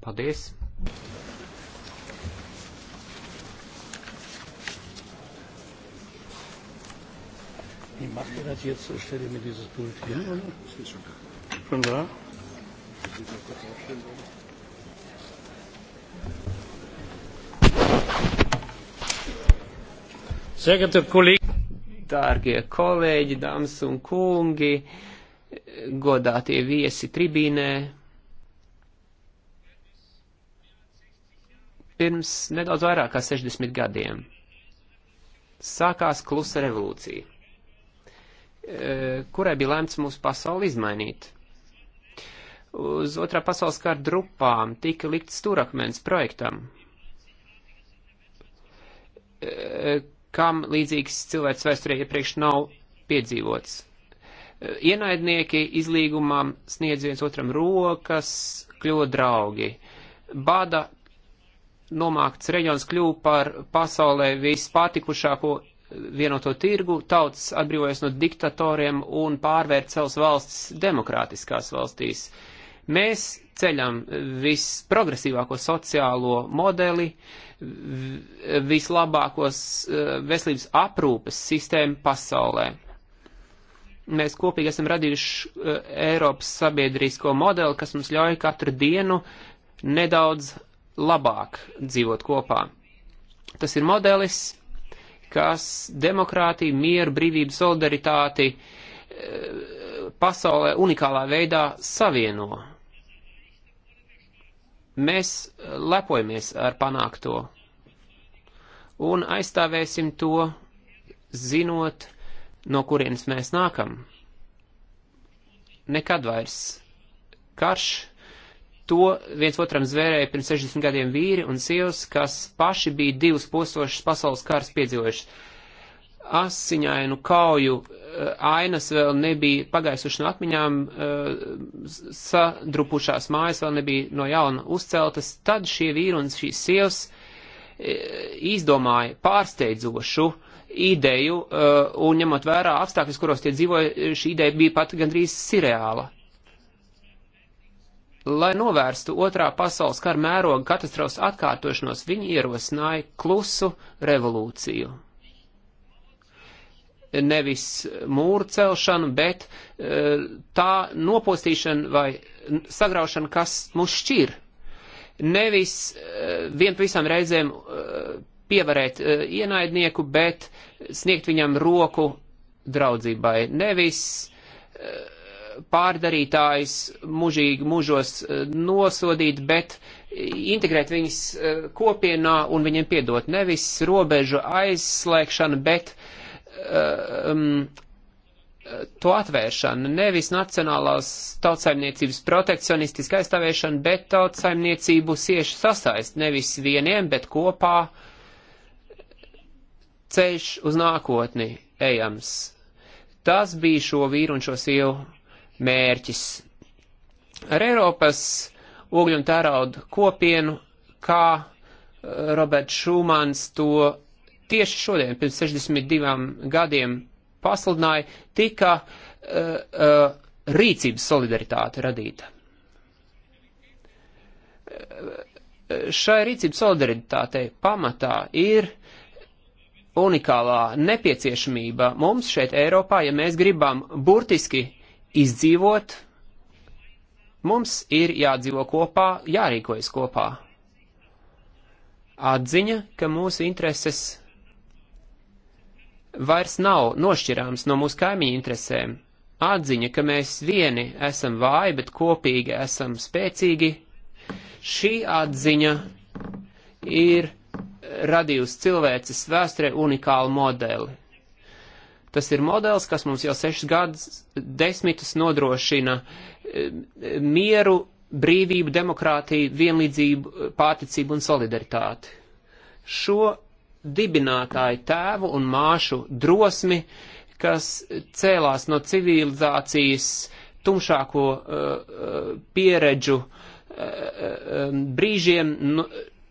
Paldies! Wie macht ihr das jetzt? Stellt ihr mir dieses Pult hin, oder? Das ist schon da. Schon da? Sehr geehrte Kollegen! Dārgie kolēģi, dāmas un kungi! godātie viesi tribīnē. Pirms nedaudz vairāk kā 60 gadiem sākās klusa revolūcija, e, kurai bija lēmts mūsu pasauli izmainīt. Uz otrā pasaules kara drupām tika likt stūrakmens projektam, e, kam līdzīgs cilvēks vēsturē iepriekš nav piedzīvots. Ienaidnieki izlīgumam sniedz viens otram rokas, kļuva draugi. Bada nomākts reģions kļuva par pasaulē vispārtikušāko vienoto tirgu, tautas atbrīvojas no diktatoriem un pārvērt savas valstis demokrātiskās valstīs. Mēs ceļam visprogresīvāko sociālo modeli, vislabākos eh, veselības aprūpes sistēmu pasaulē. Mēs kopīgi esam radījuši uh, Eiropas sabiedrisko modeli, kas mums ļauj katru dienu nedaudz labāk dzīvot kopā. Tas ir modelis, kas demokrātiju, mieru, brīvību, solidaritāti uh, pasaulē unikālā veidā savieno. Mēs lepojamies ar panākto un aizstāvēsim to, zinot, no kurienes mēs nākam. Nekad vairs karš. To viens otram zvērēja pirms 60 gadiem vīri un sievas, kas paši bija divus postošus pasaules kārs piedzīvojuši. Asiņainu kauju eh, ainas vēl nebija pagājušas no atmiņām, eh, sadrupušās mājas vēl nebija no jauna uzceltas, tad šie vīri un šīs sievas eh, izdomāja pārsteidzošu uh, ideju, uh, un ņemot vērā apstākļus, kuros tie dzīvoja, šī ideja bija pat gandrīz sirreāla. Lai novērstu otrā pasaules kara mēroga katastrofas atkārtošanos, viņi ierosināja klusu revolūciju. Nevis mūru celšanu, bet uh, tā nopostīšana vai sagraušana, kas mūs šķir nevis uh, vien pavisam reizēm uh, pievarēt uh, ienaidnieku, bet sniegt viņam roku draudzībai. Nevis uh, pārdarītājs mužīgi mužos uh, nosodīt, bet integrēt viņus uh, kopienā un viņiem piedot. Nevis robežu aizslēgšana, bet uh, um, to atvēršana, nevis nacionālās tautsaimniecības protekcionistiska aizstāvēšana, bet tautsaimniecību cieši sasaist, nevis vieniem, bet kopā uh, ceļš uz nākotni ejams. Tas bija šo vīru un šo sievu mērķis. Ar Eiropas ogļu un tērauda kopienu, kā eh, Roberts Šumans to tieši šodien, pirms 62 gadiem, pasludināja, tika uh, uh, rīcības solidaritāte radīta. Uh, šai rīcības solidaritātei pamatā ir unikālā nepieciešamība mums šeit Eiropā, ja mēs gribam burtiski izdzīvot, mums ir jādzīvo kopā, jārīkojas kopā. Atziņa, ka mūsu intereses vairs nav nošķirāms no mūsu kaimiņu interesēm. Atziņa, ka mēs vieni esam vāji, bet kopīgi esam spēcīgi. Šī atziņa ir radījusi cilvēces vēsturē unikālu modeli. Tas ir modelis, kas mums jau sešas gadus desmitus nodrošina e, mieru, brīvību, demokrātiju, vienlīdzību, e, pārticību un solidaritāti. Šo dibinātāju tēvu un māšu drosmi, kas cēlās no civilizācijas tumšāko uh, pieredžu uh, brīžiem, nu,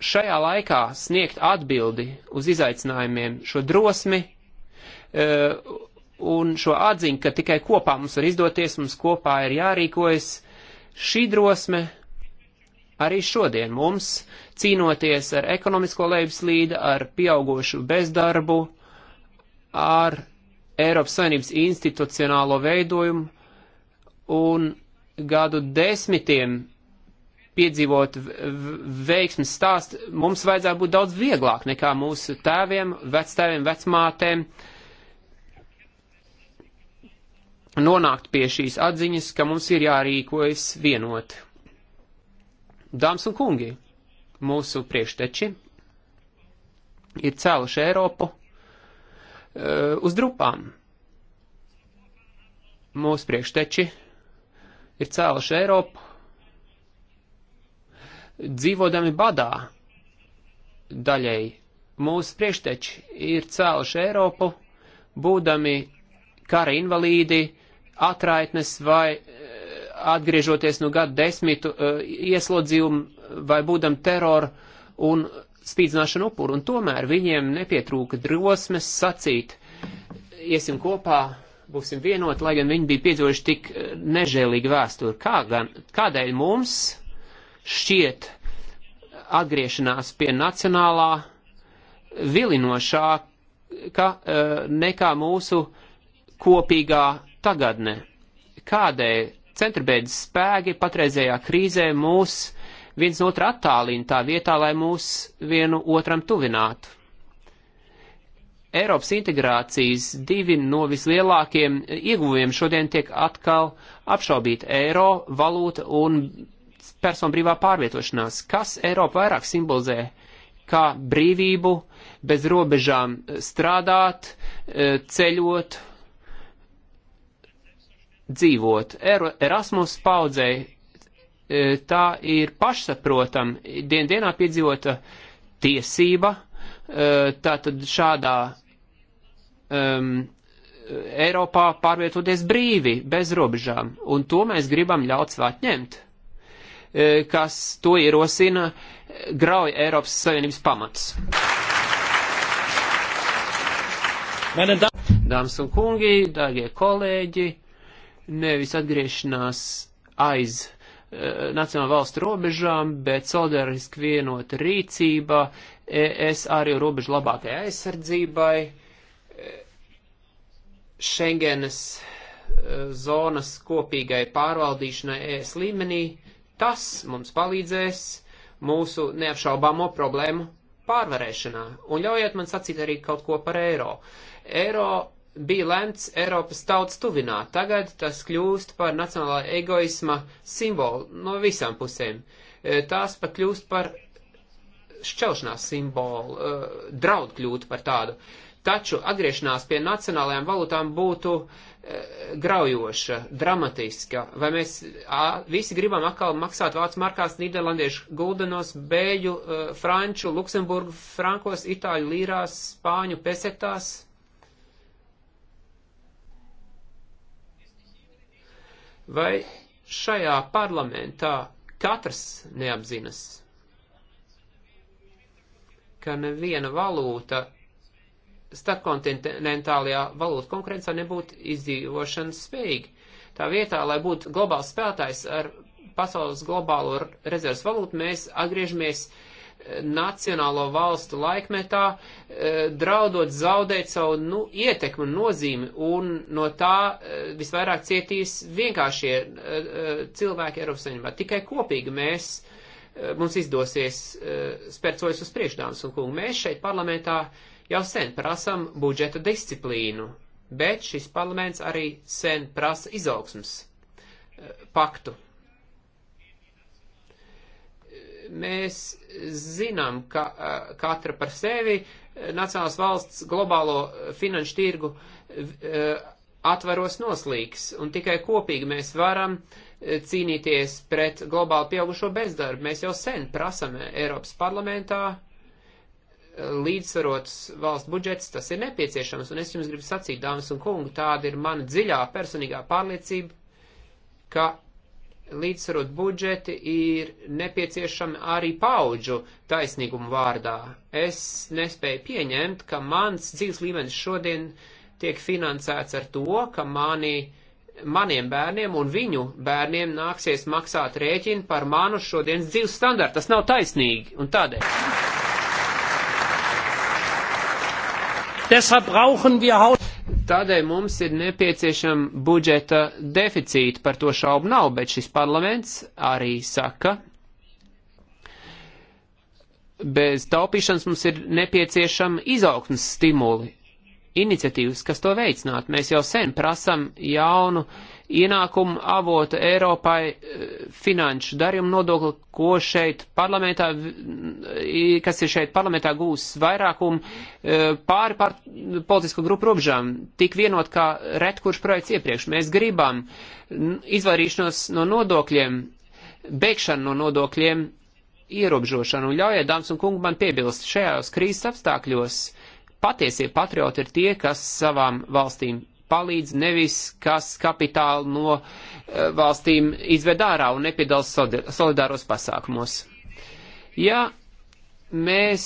šajā laikā sniegt atbildi uz izaicinājumiem, šo drosmi e, un šo atziņu, ka tikai kopā mums var izdoties, mums kopā ir jārīkojas, šī drosme arī šodien mums, cīnoties ar ekonomisko lejupslīdu, ar pieaugošu bezdarbu, ar Eiropas Savienības institucionālo veidojumu un gadu desmitiem piedzīvot veiksmes stāstu, mums vajadzētu būt daudz vieglāk nekā mūsu tēviem, vectēviem, vecmātēm nonākt pie šīs atziņas, ka mums ir jārīkojas vienot. Dāmas un kungi, mūsu priekšteči ir cēluši Eiropu uh, uz drupām. Mūsu priekšteči ir cēluši Eiropu dzīvodami badā daļēji. Mūsu priekšteči ir cēluši Eiropu, būdami kara invalīdi, atraitnes vai eh, atgriežoties no gadu desmitu eh, ieslodzījumu vai būdam teroru un spīdzināšanu upuru. Un tomēr viņiem nepietrūka drosmes sacīt, iesim kopā, būsim vienoti, lai gan viņi bija piedzojuši tik eh, nežēlīgu vēsturi. Kā gan, kādēļ mums šķiet atgriešanās pie nacionālā vilinošāka eh, nekā mūsu kopīgā tagadne. Kādēļ centrbeidzas spēki patreizējā krīzē mūs viens no otra attālina tā vietā, lai mūs vienu otram tuvinātu? Eiropas integrācijas divi no vislielākiem ieguvumiem šodien tiek atkal apšaubīti - eiro, valūta un personu brīvā pārvietošanās. Kas Eiropa vairāk simbolizē? Kā brīvību, bez robežām strādāt, e, ceļot, dzīvot. Erasmus paudzei tā ir pašsaprotam, dien dienā piedzīvota tiesība, e, tātad šādā um, Eiropā pārvietoties brīvi, bez robežām, un to mēs gribam ļaut svāt ņemt. E, kas to ierosina, grauj Eiropas Savienības pamats. Dāmas un kungi, dārgie kolēģi, nevis atgriešanās aiz e, nacionālu valstu robežām, bet solidariski vienota rīcība, e, ES arī robežu labākajai aizsardzībai, e, Schengenas e, zonas kopīgai pārvaldīšanai ES līmenī, Tas mums palīdzēs mūsu neapšaubāmo problēmu pārvarēšanā. Un ļaujiet man sacīt arī kaut ko par eiro. Eiro bija lemts Eiropas tautas tuvinā, tagad tas kļūst par nacionālā egoisma simbolu no visām pusēm. E, tās pat kļūst par šķelšanās simbolu, e, draud kļūt par tādu. Taču atgriešanās pie nacionālajām valūtām būtu graujoša, dramatiska, vai mēs a, visi gribam atkal maksāt vācu markās, nīderlandiešu guldenos, bēļu, a, franču, luksemburgu frankos, itāļu līrās, spāņu pesetās. Vai šajā parlamentā katrs neapzinas, ka neviena valūta starpkontinentālajā valūtu konkurencē nebūtu izdzīvošanas spējīgi. Tā vietā, lai būtu globāls spēlētājs ar pasaules globālo rezerves valūtu, mēs atgriežamies eh, nacionālo valstu laikmetā, eh, draudot zaudēt savu nu, ietekmu un nozīmi, un no tā eh, visvairāk cietīs vienkāršie cilvēki Eiropas Savienībā. Tikai kopīgi mēs mums izdosies uh, spērt soļus uz priekšdāmas un kungu. Mēs šeit parlamentā Jau sen prasam budžeta disciplīnu, bet šis parlaments arī sen prasa izaugsmas eh, paktu. Mēs zinām, ka eh, katra par sevi eh, nacionālas valsts globālo finanšu tirgu atvaros noslīgs, un tikai kopīgi mēs varam cīnīties pret globāli pieaugušo bezdarbu. Mēs jau sen prasam Eiropas parlamentā līdzsvarots valsts budžets, tas ir nepieciešams, un es jums gribu sacīt, dāmas un kungi, tāda ir mana dziļā personīgā pārliecība, ka līdzsvarot budžeti ir nepieciešami arī paudžu taisnīgumu vārdā. Es nespēju pieņemt, ka mans dzīves līmenis šodien tiek finansēts ar to, ka mani uh, maniem bērniem un viņu bērniem nāksies maksāt rēķinu par manu šodienas dzīves standartu. Tas nav taisnīgi un tādēļ. Deshalb brauchen wir Tādēļ mums ir nepieciešama budžeta deficīta, par to šaubu nav, bet šis parlaments arī saka, bez taupīšanas mums ir nepieciešama izaugsmas stimuli iniciatīvas, kas to veicinātu. Mēs jau sen prasam jaunu ienākumu avotu Eiropai eh, finanšu darījumu nodokli, ko šeit parlamentā, eh, kas ir šeit parlamentā gūs vairākumu eh, pāri par politisko grupu robežām, tik vienot kā retkurš projekts iepriekš. Mēs gribam izvairīšanos no nodokļiem, bēgšanu no nodokļiem, ierobežošanu. Un ļaujiet, dāmas un kungi, man piebilst, šajās krīzes apstākļos uh, patiesie patrioti ir tie, kas savām valstīm palīdz, nevis kas kapitālu no eh, valstīm izved ārā un nepiedalās solidāros pasākumos. Ja mēs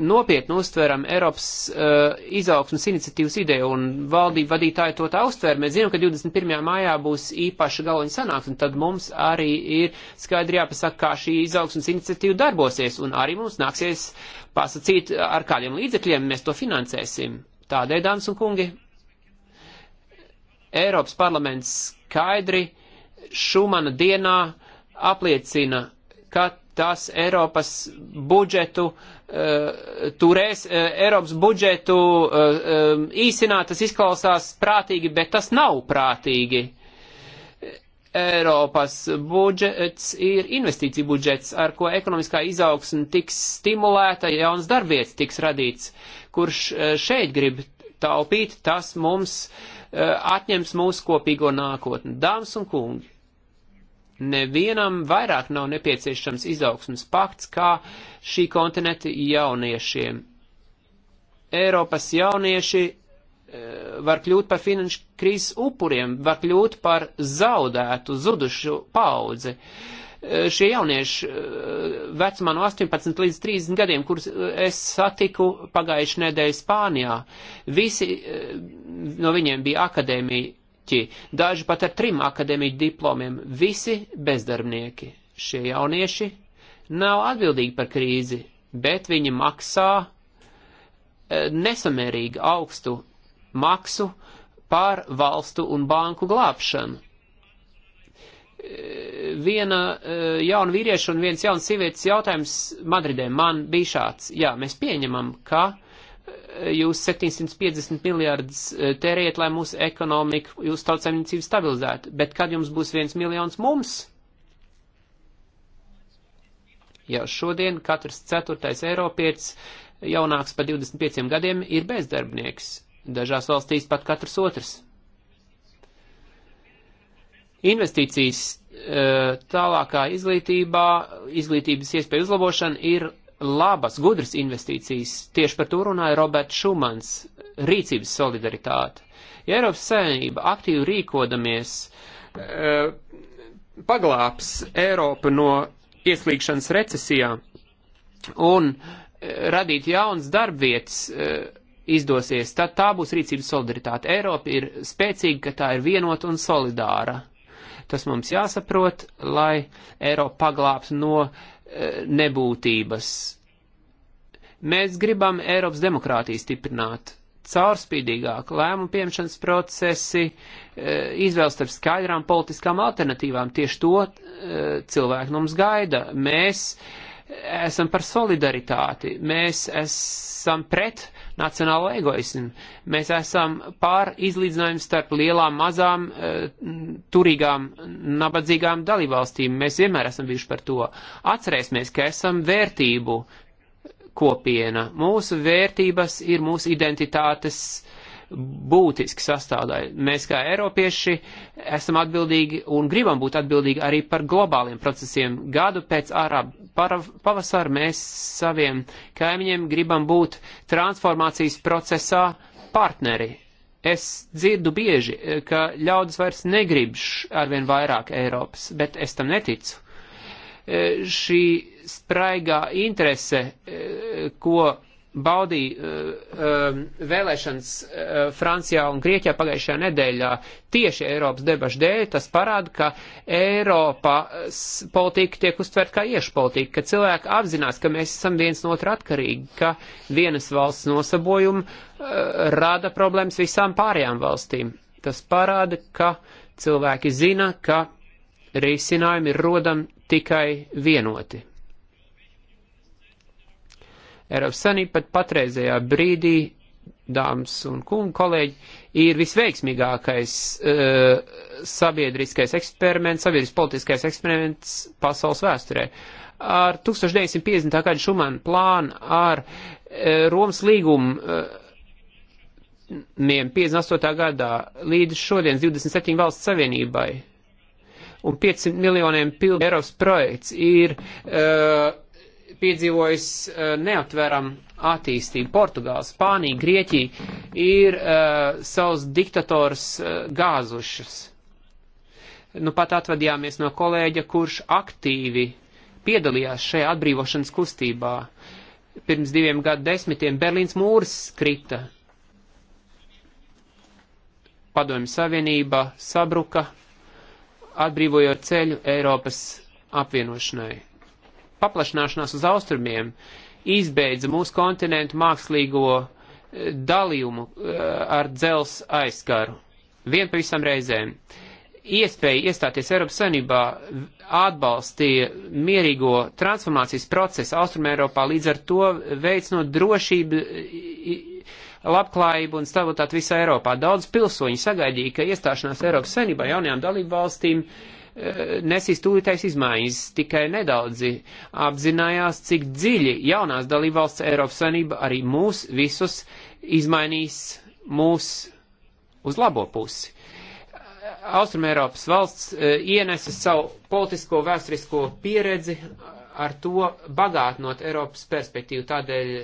nopietni uztveram Eiropas uh, izaugsmas iniciatīvas ideju un valdību vadītāji to tā uztver. Mēs zinām, ka 21. mājā būs īpaša galvaņa sanāksme, tad mums arī ir skaidri jāpasaka, kā šī izaugsmas iniciatīva darbosies, un arī mums nāksies pasacīt, ar kādiem līdzekļiem mēs to finansēsim. Tādēļ, dāmas un kungi, Eiropas parlaments skaidri Šumana dienā apliecina, ka tas Eiropas budžetu eh, turēs, eh, Eiropas budžetu eh, īsināt, tas izklausās prātīgi, bet tas nav prātīgi. Eiropas budžets ir investīcija budžets, ar ko ekonomiskā izaugsme tiks stimulēta, jauns darbvietas tiks radīts, kurš šeit grib taupīt, tas mums atņems mūsu kopīgo nākotni. Dāmas un kungi, Nevienam vairāk nav nepieciešams izaugsmas pakts kā šī kontinenta jauniešiem. Eiropas jaunieši eh, var kļūt par finanšu krīzes upuriem, var kļūt par zaudētu, zudušu paudzi. Eh, šie jaunieši eh, vecumā no 18 līdz 30 gadiem, kurus es satiku pagājuši nedēļu Spānijā, visi no viņiem bija akadēmija mērķi, daži pat ar trim akadēmiķu diplomiem, visi bezdarbnieki. Šie jaunieši nav atbildīgi par krīzi, bet viņi maksā eh, nesamērīgi augstu maksu par valstu un banku glābšanu. Eh, viena eh, jauna vīrieša un viens jauns sievietes jautājums Madridē man bija šāds. Jā, mēs pieņemam, ka uh, jūs 750 miljārdus tērējat, lai mūsu ekonomika, jūsu tautsēmniecību stabilizētu. Bet kad jums būs viens miljons mums? Jau šodien katrs ceturtais Eiropietis jaunāks par 25 gadiem ir bezdarbnieks. Dažās valstīs pat katrs otrs. Investīcijas e, tālākā izglītībā, izglītības iespēju uzlabošana ir labas, gudras investīcijas. Tieši par to runāja Roberts Šumans - rīcības solidaritāte. Ja Eiropas Savienība aktīvi rīkodamies, eh, paglāps Eiropu no ieslīgšanas recesijā un eh, radīt jauns darbvietas eh, izdosies, tad tā būs rīcības solidaritāte. Eiropa ir spēcīga, ka tā ir vienota un solidāra. Tas mums jāsaprot, lai Eiropa paglāps no uh, nebūtības. Mēs gribam Eiropas demokrātiju stiprināt, caurspīdīgāk lēmumu pieņemšanas procesi, eh, izvēles starp skaidrām politiskām alternatīvām. Tieši to eh, cilvēki no mums gaida. Mēs esam par solidaritāti, mēs esam pret nacionālo egoismu. Mēs esam pār izlīdzinājumu starp lielām, mazām, eh, turīgām, nabadzīgām dalībvalstīm. Mēs vienmēr esam bijuši par to. Atcerēsimies, ka esam vērtību kopiena. Mūsu vērtības ir mūsu identitātes uh, būtiski sastāvdaļa. Mēs kā Eiropieši esam atbildīgi un gribam būt atbildīgi arī par globāliem procesiem. Gadu pēc Arabu pavasara mēs saviem kaimiņiem gribam būt transformācijas procesā partneri. Es dzirdu bieži, eh, ka ļaudis vairs negrib arvien vairāk Eiropas, bet es tam neticu. Eh, šī spraigā interese, eh, ko baudīja uh, vēlēšanas uh, Francijā un Grieķijā pagājušajā nedēļā tieši Eiropas debašu dēļ, tas parāda, ka Eiropas politika tiek uztvert kā iešu politika, ka cilvēki apzinās, ka mēs esam viens no otra atkarīgi, ka vienas valsts nosabojumi uh, rada problēmas visām pārējām valstīm. Tas parāda, ka cilvēki zina, ka risinājumi ir rodam tikai vienoti. Eiropas Sanība pat patreizējā brīdī, dāmas un kungi, kolēģi, ir visveiksmīgākais uh, sabiedriskais eksperiments, sabiedriskais politiskais eksperiments pasaules vēsturē. Ar 1950. gada Šumana plānu, ar uh, Romas līgumu. Uh, eh, 58. gadā līdz šodien 27 valsts savienībai un 500 miljoniem pilnu Eiropas projekts ir uh, piedzīvojis eh, neaptveram attīstību. Portugāla, Spānija, Grieķija ir uh, savus diktators uh, gāzušas. Nu pat atvadījāmies no kolēģa, kurš aktīvi piedalījās šajā atbrīvošanas kustībā. Pirms diviem gadu desmitiem Berlīns mūrs skrita. Padomju Savienība sabruka, atbrīvojot ceļu Eiropas apvienošanai paplašināšanās uz austrumiem izbeidza mūsu kontinentu mākslīgo e, dalījumu e, ar dzels aizskaru. Vien pavisam reizēm. Iespēja iestāties Eiropas Savienībā atbalstīja mierīgo transformācijas procesu Austrumē Eiropā, līdz ar to veicinot drošību, labklājību un stabilitāti visā Eiropā. Daudz pilsoņu sagaidīja, ka iestāšanās Eiropas Savienībā jaunajām dalību valstīm uh, nesīs tūlītais izmaiņas. Tikai nedaudzi apzinājās, cik dziļi jaunās dalībvalsts Eiropas Savienība arī mūs visus izmainīs mūs uz labo pusi. Austrum Eiropas valsts eh, ienesa savu politisko vēsturisko pieredzi ar to bagātnot Eiropas perspektīvu. Tādēļ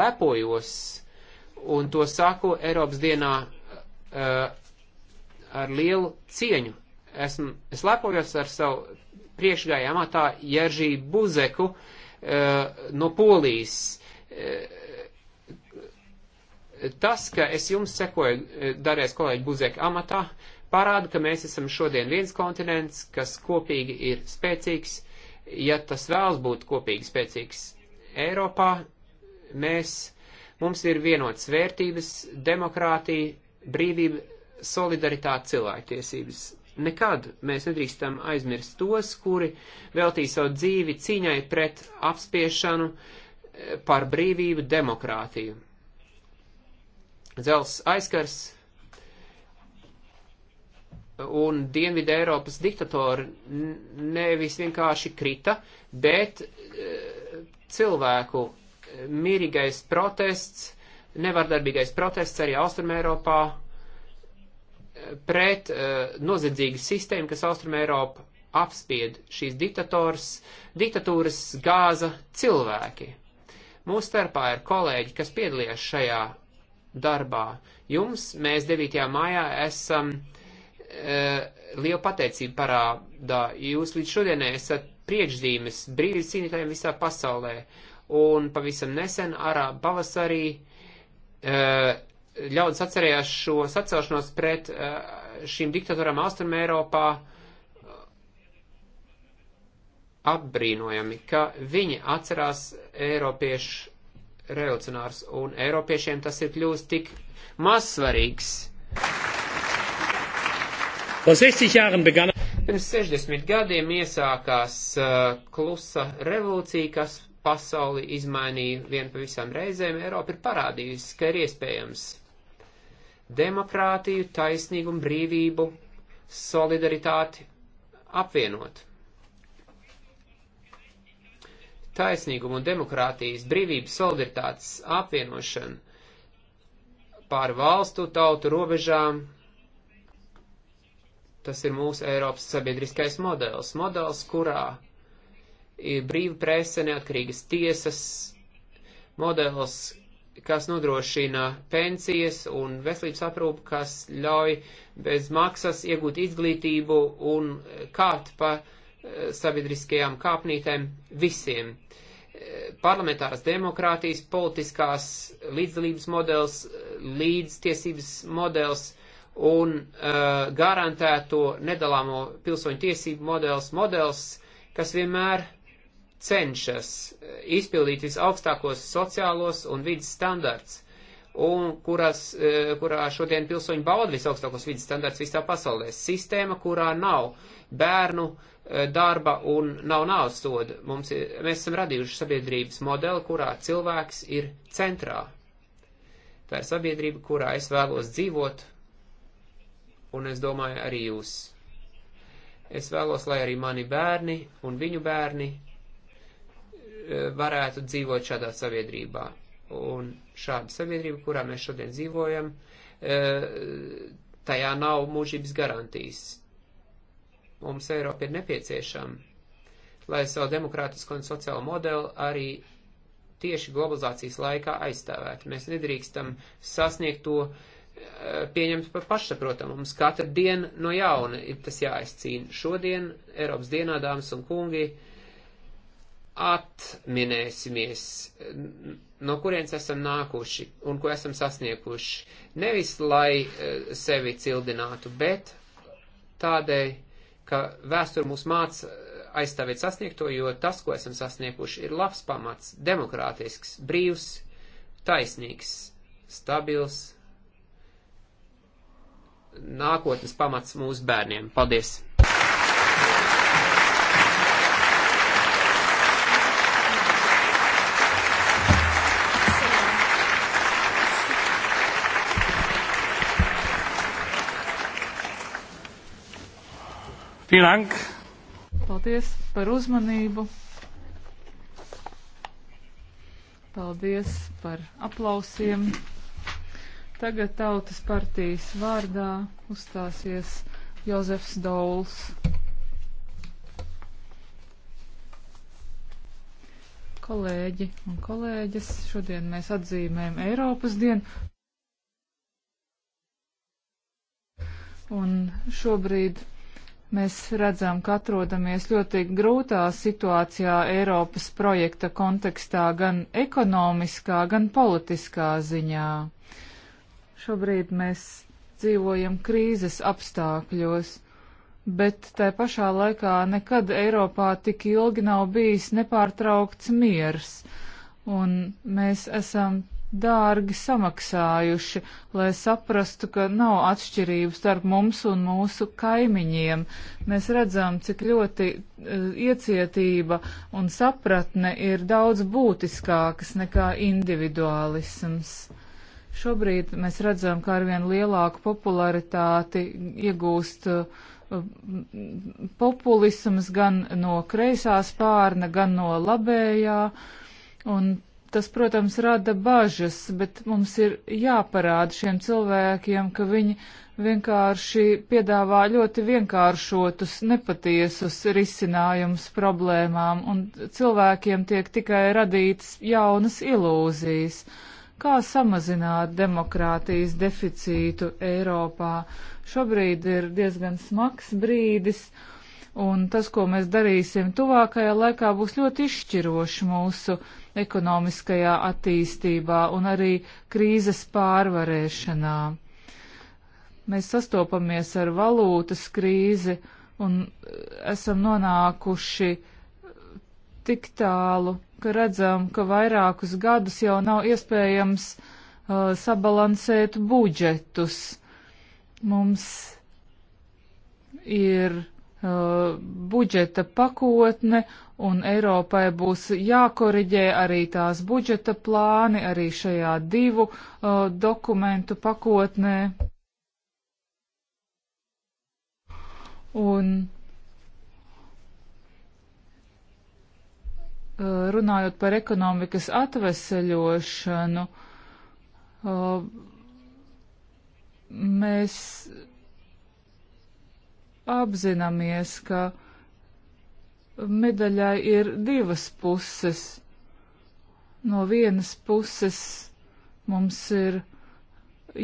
lepojos un to saku Eiropas dienā uh, ar lielu cieņu esmu, es lepojos ar savu priekšgājā matā Jeržī Buzeku eh, no Polijas. Eh, tas, ka es jums sekoju, eh, darēs kolēģi Buzeka amatā, parāda, ka mēs esam šodien viens kontinents, kas kopīgi ir spēcīgs, ja tas vēlas būt kopīgi spēcīgs. Eiropā mēs, mums ir vienots vērtības, demokrātija, brīvība, solidaritāte, cilvēktiesības. Nekad mēs nedrīkstam aizmirst tos, kuri veltīja savu dzīvi cīņai pret apspiešanu eh, par brīvību, demokrātiju. Zels aizkars un Dienvidu Eiropas diktatori nevis vienkārši krita, bet eh, cilvēku eh, mirīgais protests, nevardarbīgais protests arī Austrumēropā pret uh, eh, noziedzīgu sistēmu, kas Austrum Eiropu apspied šīs diktators, diktatūras gāza cilvēki. Mūsu starpā ir kolēģi, kas piedalījās šajā darbā. Jums mēs 9. mājā esam uh, eh, lielu pateicību parādā. Jūs līdz šodienai esat priekšzīmes brīvības cīnītājiem visā pasaulē. Un pavisam nesen, arā pavasarī, uh, ļaudis atcerējās šo sacelšanos pret eh, šīm diktatoram Austrum Eiropā apbrīnojami, ka viņi atcerās Eiropiešu revolucionārus, un Eiropiešiem tas ir kļūst tik mazsvarīgs. Pirms 60 gadiem iesākās uh, klusa revolūcija, kas pasauli izmainīja vien pavisam reizēm. Eiropa ir parādījusi, ka ir iespējams demokrātiju, taisnīgumu, brīvību, solidaritāti apvienot. Taisnīgumu un demokrātijas, brīvības, solidaritātes apvienošana pār valstu, tautu robežām. Tas ir mūsu Eiropas sabiedriskais modelis, modelis, kurā ir brīva prese, neatkarīgas tiesas, modelis, kas nodrošina pensijas un veselības aprūpu, kas ļauj bez maksas iegūt izglītību un kārt pa eh, sabiedriskajām kāpnītēm visiem. Eh, parlamentāras demokrātijas, politiskās līdzdalības modelis, līdztiesības modelis un uh, garantēto nedalāmo pilsoņu tiesību modelis, modelis, kas vienmēr uh, cenšas eh, izpildīt visaugstākos sociālos un vidas standarts, un kuras, eh, kurā šodien pilsoņi bauda visaugstākos vidas standarts visā pasaulē. Sistēma, kurā nav bērnu eh, darba un nav naudas soda. Mums ir, mēs esam radījuši sabiedrības modeli, kurā cilvēks ir centrā. Tā ir sabiedrība, kurā es vēlos dzīvot, un es domāju arī jūs. Es vēlos, lai arī mani bērni un viņu bērni varētu dzīvot šādā sabiedrībā. Un šāda sabiedrība, kurā mēs šodien dzīvojam, e, tajā nav mūžības garantijas. Mums Eiropa ir nepieciešama, lai savu demokrātisko un sociālo modeli arī tieši globalizācijas laikā aizstāvētu. Mēs nedrīkstam sasniegt to e, pieņemt par pašsaprotamu. Mums katru dienu no jauna ir tas jāaizcīna. Šodien, Eiropas dienā, dāmas un kungi, uh, atminēsimies, no kurienes esam nākuši un ko esam sasnieguši. Nevis, lai eh, sevi cildinātu, bet tādēļ, ka vēsture mūs māca eh, aizstāvēt sasniegto, jo tas, ko esam sasnieguši, ir labs pamats, demokrātisks, brīvs, taisnīgs, stabils, nākotnes pamats mūsu bērniem. Paldies! Pienāk. Paldies par uzmanību. Paldies par aplausiem. Tagad tautas partijas vārdā uzstāsies Jozefs Dauls. Kolēģi un kolēģis, šodien mēs atzīmējam Eiropas dienu. Un šobrīd Mēs redzam, ka atrodamies ļoti grūtā situācijā Eiropas projekta kontekstā gan ekonomiskā, gan politiskā ziņā. Šobrīd mēs dzīvojam krīzes apstākļos bet tā pašā laikā nekad Eiropā tik ilgi nav bijis nepārtraukts miers, un mēs esam dārgi samaksājuši, lai saprastu, ka nav atšķirību starp mums un mūsu kaimiņiem. Mēs redzam, cik ļoti eh, iecietība un sapratne ir daudz būtiskākas nekā individuālisms. Šobrīd mēs redzam, kā arvien lielāku popularitāti iegūst eh, populisms gan no kreisā spārna, gan no labējā. Un tas, protams, rada bažas, bet mums ir jāparāda šiem cilvēkiem, ka viņi vienkārši piedāvā ļoti vienkāršotus, nepatiesus risinājumus problēmām, un cilvēkiem tiek tikai radītas jaunas ilūzijas. Kā samazināt demokrātijas deficītu Eiropā? Šobrīd ir diezgan smags brīdis. Un tas, ko mēs darīsim tuvākajā laikā, būs ļoti izšķiroši mūsu ekonomiskajā attīstībā un arī krīzes pārvarēšanā. Mēs sastopamies ar valūtas krīzi un eh, esam nonākuši tik tālu, ka redzam, ka vairākus gadus jau nav iespējams uh, sabalansēt budžetus. Mums ir uh, budžeta pakotne, un Eiropai būs jākoriģē arī tās budžeta plāni, arī šajā divu uh, dokumentu pakotnē. Un uh, runājot par ekonomikas atveseļošanu, uh, mēs apzināmies, ka uh, medaļai ir divas puses. No vienas puses mums ir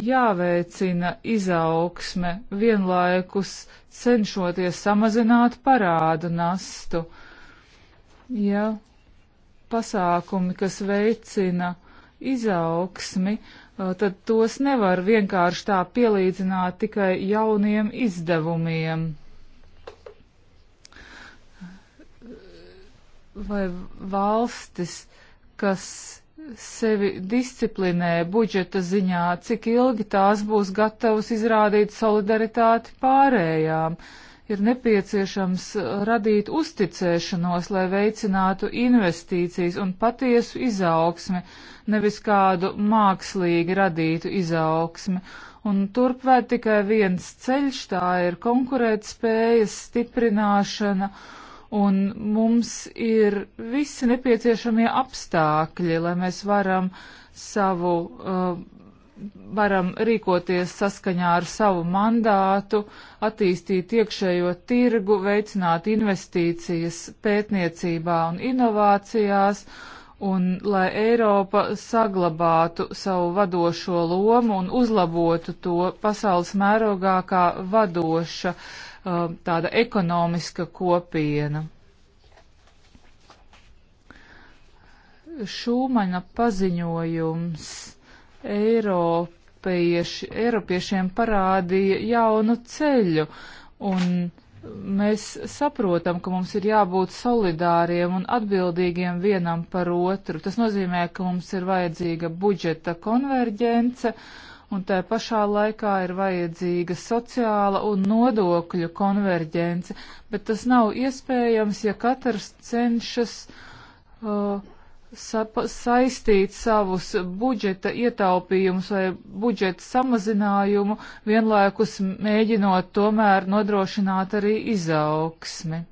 jāveicina izaugsme, vienlaikus cenšoties samazināt parādu nastu. Ja pasākumi, kas veicina izaugsmi, eh, tad tos nevar vienkārši tā pielīdzināt tikai jauniem izdevumiem. vai valstis, kas sevi disciplinē budžeta ziņā, cik ilgi tās būs gatavas izrādīt solidaritāti pārējām. Ir nepieciešams radīt uzticēšanos, lai veicinātu investīcijas un patiesu izaugsmi, nevis kādu mākslīgi radītu izaugsmi. Un turpvērt tikai viens ceļš, tā ir konkurētspējas stiprināšana un mums ir visi nepieciešamie apstākļi, lai mēs varam savu, uh, varam rīkoties saskaņā ar savu mandātu, attīstīt iekšējo tirgu, veicināt investīcijas pētniecībā un inovācijās, un lai Eiropa saglabātu savu vadošo lomu un uzlabotu to pasaules mērogā kā vadoša uh, Um, tāda ekonomiska kopiena. Šūmaņa paziņojums Eiropieši, Eiropiešiem parādīja jaunu ceļu, un mēs saprotam, ka mums ir jābūt solidāriem un atbildīgiem vienam par otru. Tas nozīmē, ka mums ir vajadzīga budžeta konverģence un tā pašā laikā ir vajadzīga sociāla un nodokļu konverģence, bet tas nav iespējams, ja katrs cenšas uh, sa saistīt savus budžeta ietaupījumus vai budžeta samazinājumu, vienlaikus mēģinot tomēr nodrošināt arī izaugsmi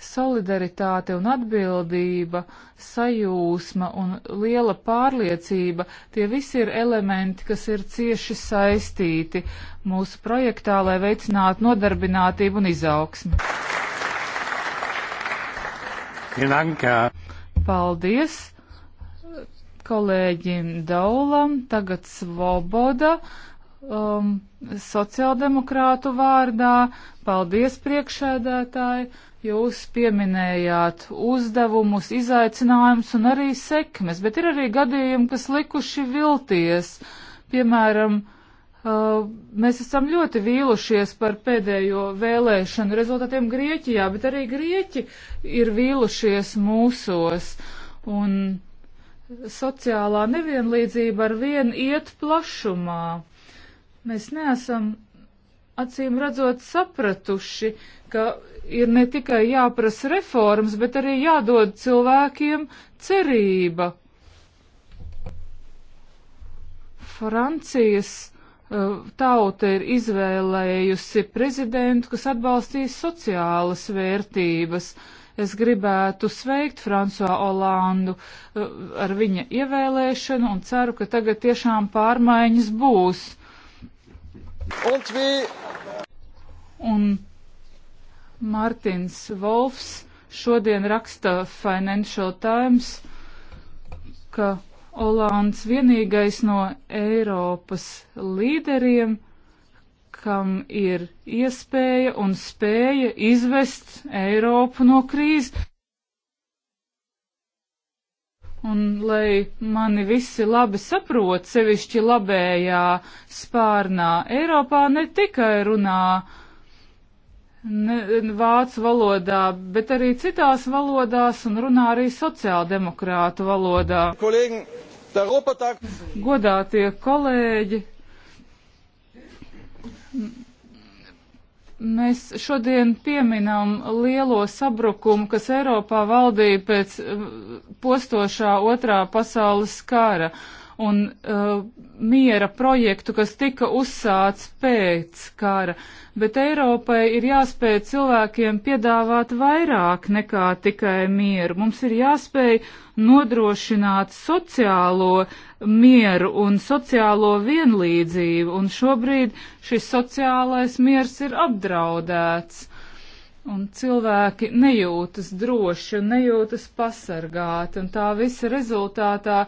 solidaritāte un atbildība, sajūsma un liela pārliecība, tie visi ir elementi, kas ir cieši saistīti mūsu projektā, lai veicinātu nodarbinātību un izaugsmi. Paldies kolēģim Daulam, tagad Svoboda um, sociāldemokrātu vārdā. Paldies, priekšēdētāji! Jūs pieminējāt uzdevumus, izaicinājumus un arī sekmes, bet ir arī gadījumi, kas likuši vilties. Piemēram, Uh, mēs esam ļoti vīlušies par pēdējo vēlēšanu rezultātiem Grieķijā, bet arī Grieķi ir vīlušies mūsos. Un sociālā nevienlīdzība ar vienu iet plašumā. Mēs neesam acīm redzot sapratuši, ka ir ne tikai jāprasa reformas, bet arī jādod cilvēkiem cerība. Francijas uh, tauta ir izvēlējusi prezidentu, kas atbalstīs sociālas vērtības. Es gribētu sveikt Fransuā Olandu uh, ar viņa ievēlēšanu un ceru, ka tagad tiešām pārmaiņas būs Un Mārtiņš Volfs šodien raksta Financial Times, ka Olāns vienīgais no Eiropas līderiem, kam ir iespēja un spēja izvest Eiropu no krīzes. Un, lai mani visi labi saprot, sevišķi labējā spārnā, Eiropā ne tikai runā ne, vācu valodā, bet arī citās valodās un runā arī sociāldemokrātu valodā. Godātie kolēģi! Mēs šodien pieminam lielo sabrukumu, kas Eiropā valdīja pēc eh, postošā otrā pasaules kara. Uh, un uh, miera projektu, kas tika uzsāts pēc kara, bet Eiropai ir jāspēj cilvēkiem piedāvāt vairāk nekā tikai mieru. Mums ir jāspēj nodrošināt sociālo mieru un sociālo vienlīdzību, un šobrīd šis sociālais miers ir apdraudēts un cilvēki nejūtas droši un nejūtas pasargāti, un tā visa rezultātā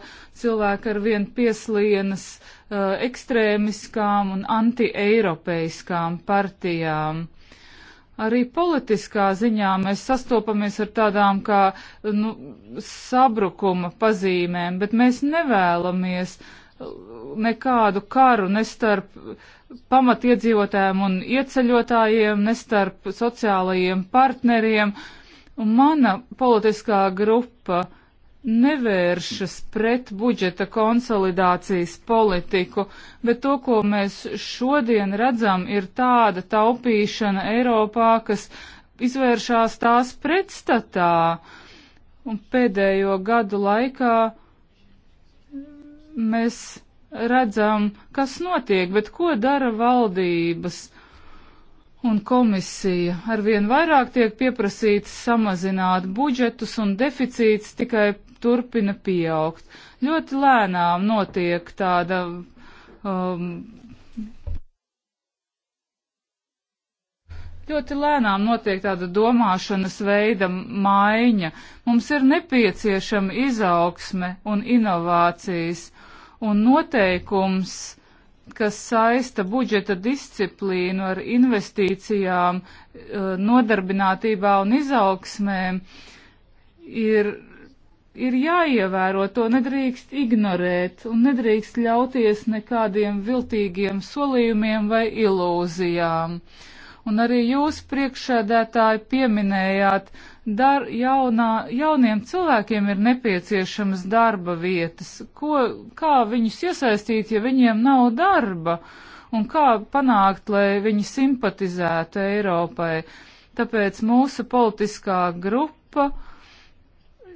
cilvēki ar vien pieslienas uh, ekstrēmiskām un antieiropeiskām partijām. Arī politiskā ziņā mēs sastopamies ar tādām kā nu, sabrukuma pazīmēm, bet mēs nevēlamies uh, nekādu karu ne starp pamatiedzīvotājiem un ieceļotājiem, ne starp sociālajiem partneriem. Un mana politiskā grupa nevēršas pret budžeta konsolidācijas politiku, bet to, ko mēs šodien redzam, ir tāda taupīšana Eiropā, kas izvēršās tās pretstatā. Un pēdējo gadu laikā mēs redzam, kas notiek, bet ko dara valdības un komisija. Arvien vairāk tiek pieprasīts samazināt budžetus un deficīts tikai turpina pieaugt. Ļoti lēnām notiek tāda. Um, Ļoti lēnām notiek tāda domāšanas veida maiņa. Mums ir nepieciešama izaugsme un inovācijas. Uh, un noteikums, kas saista budžeta disciplīnu ar investīcijām, eh, nodarbinātībā un izaugsmēm, ir, ir jāievēro. To nedrīkst ignorēt un nedrīkst ļauties nekādiem viltīgiem solījumiem vai ilūzijām. Un arī jūs priekšēdētāji pieminējāt, uh, dar, jaunā, jauniem cilvēkiem ir nepieciešamas darba vietas, ko, kā viņus iesaistīt, ja viņiem nav darba, un kā panākt, lai viņi simpatizētu Eiropai. Tāpēc mūsu politiskā grupa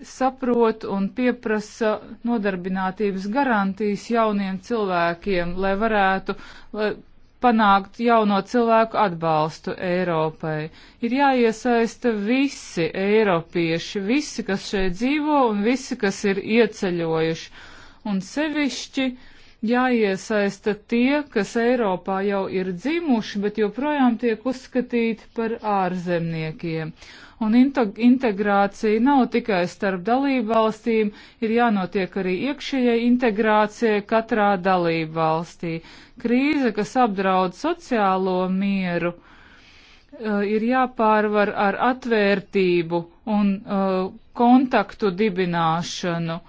saprot un pieprasa nodarbinātības garantijas jauniem cilvēkiem, lai varētu, lai panākt jauno cilvēku atbalstu Eiropai. Ir jāiesaista visi eiropieši, visi, kas šeit dzīvo un visi, kas ir ieceļojuši. Un sevišķi jāiesaista tie, kas Eiropā jau ir dzimuši, bet joprojām tiek uzskatīti par ārzemniekiem. Un integrācija nav tikai starp dalību valstīm, ir jānotiek arī iekšējai integrācijai katrā dalību valstī. Krīze, kas apdraud sociālo mieru, uh, ir jāpārvar ar atvērtību un uh, kontaktu dibināšanu.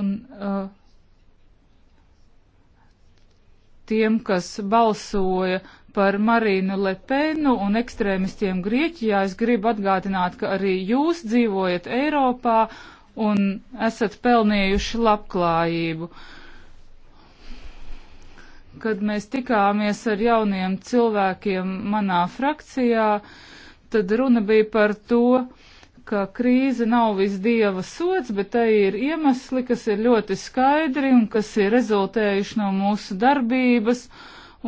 Un, uh, tiem, kas balsoja par Marīnu Lepenu un ekstrēmistiem Grieķijā. Es gribu atgādināt, ka arī jūs dzīvojat Eiropā un esat pelnījuši labklājību. Kad mēs tikāmies ar jauniem cilvēkiem manā frakcijā, tad runa bija par to, ka krīze nav visdieva sots, bet tai ir iemesli, kas ir ļoti skaidri un kas ir rezultējuši no mūsu darbības.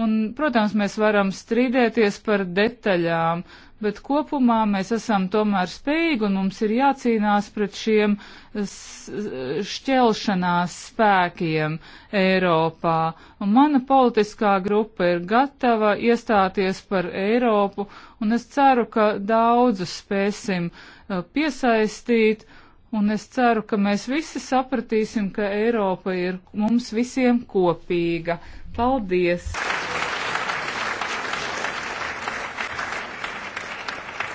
Un, protams, mēs varam strīdēties par detaļām, bet kopumā mēs esam tomēr spējīgi un mums ir jācīnās pret šiem šķelšanās spēkiem Eiropā. Un mana politiskā grupa ir gatava iestāties par Eiropu, un es ceru, ka daudzus spēsim eh, piesaistīt, un es ceru, ka mēs visi sapratīsim, ka Eiropa ir mums visiem kopīga. Paldies!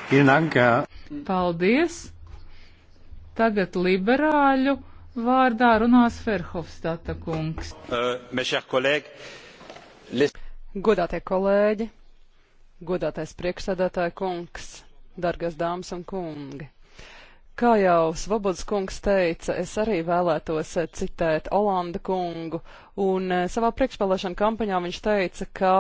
Paldies! Tagad liberāļu vārdā runās Ferhofstata kungs. Uh, Godātie kolēģi, godātais priekšsēdētāja kungs, dargas dāmas un kungi. Kā jau Svobods kungs teica, es arī vēlētos citēt Olanda kungu, un eh, savā priekšvēlēšana kampaņā viņš teica, ka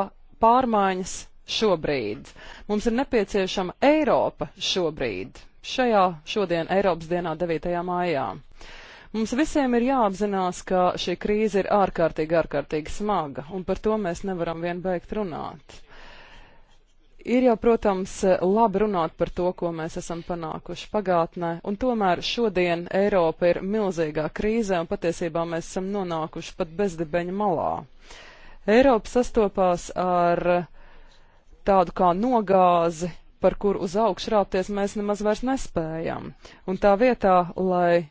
pārmaiņas šobrīd. Mums ir nepieciešama Eiropa šobrīd, šajā šodien Eiropas dienā 9. maijā. Mums visiem ir jāapzinās, ka šī krīze ir ārkārtīgi, ārkārtīgi smaga, un par to mēs nevaram vien beigt runāt. Ir jau, protams, labi runāt par to, ko mēs esam panākuši pagātnē, un tomēr šodien Eiropa ir milzīgā krīzē, un patiesībā mēs esam nonākuši pat bezdibeņa malā. Eiropa sastopās ar uh, tādu kā nogāzi, par kuru uz augšu rāpties mēs nemaz vairs nespējam. Un tā vietā, lai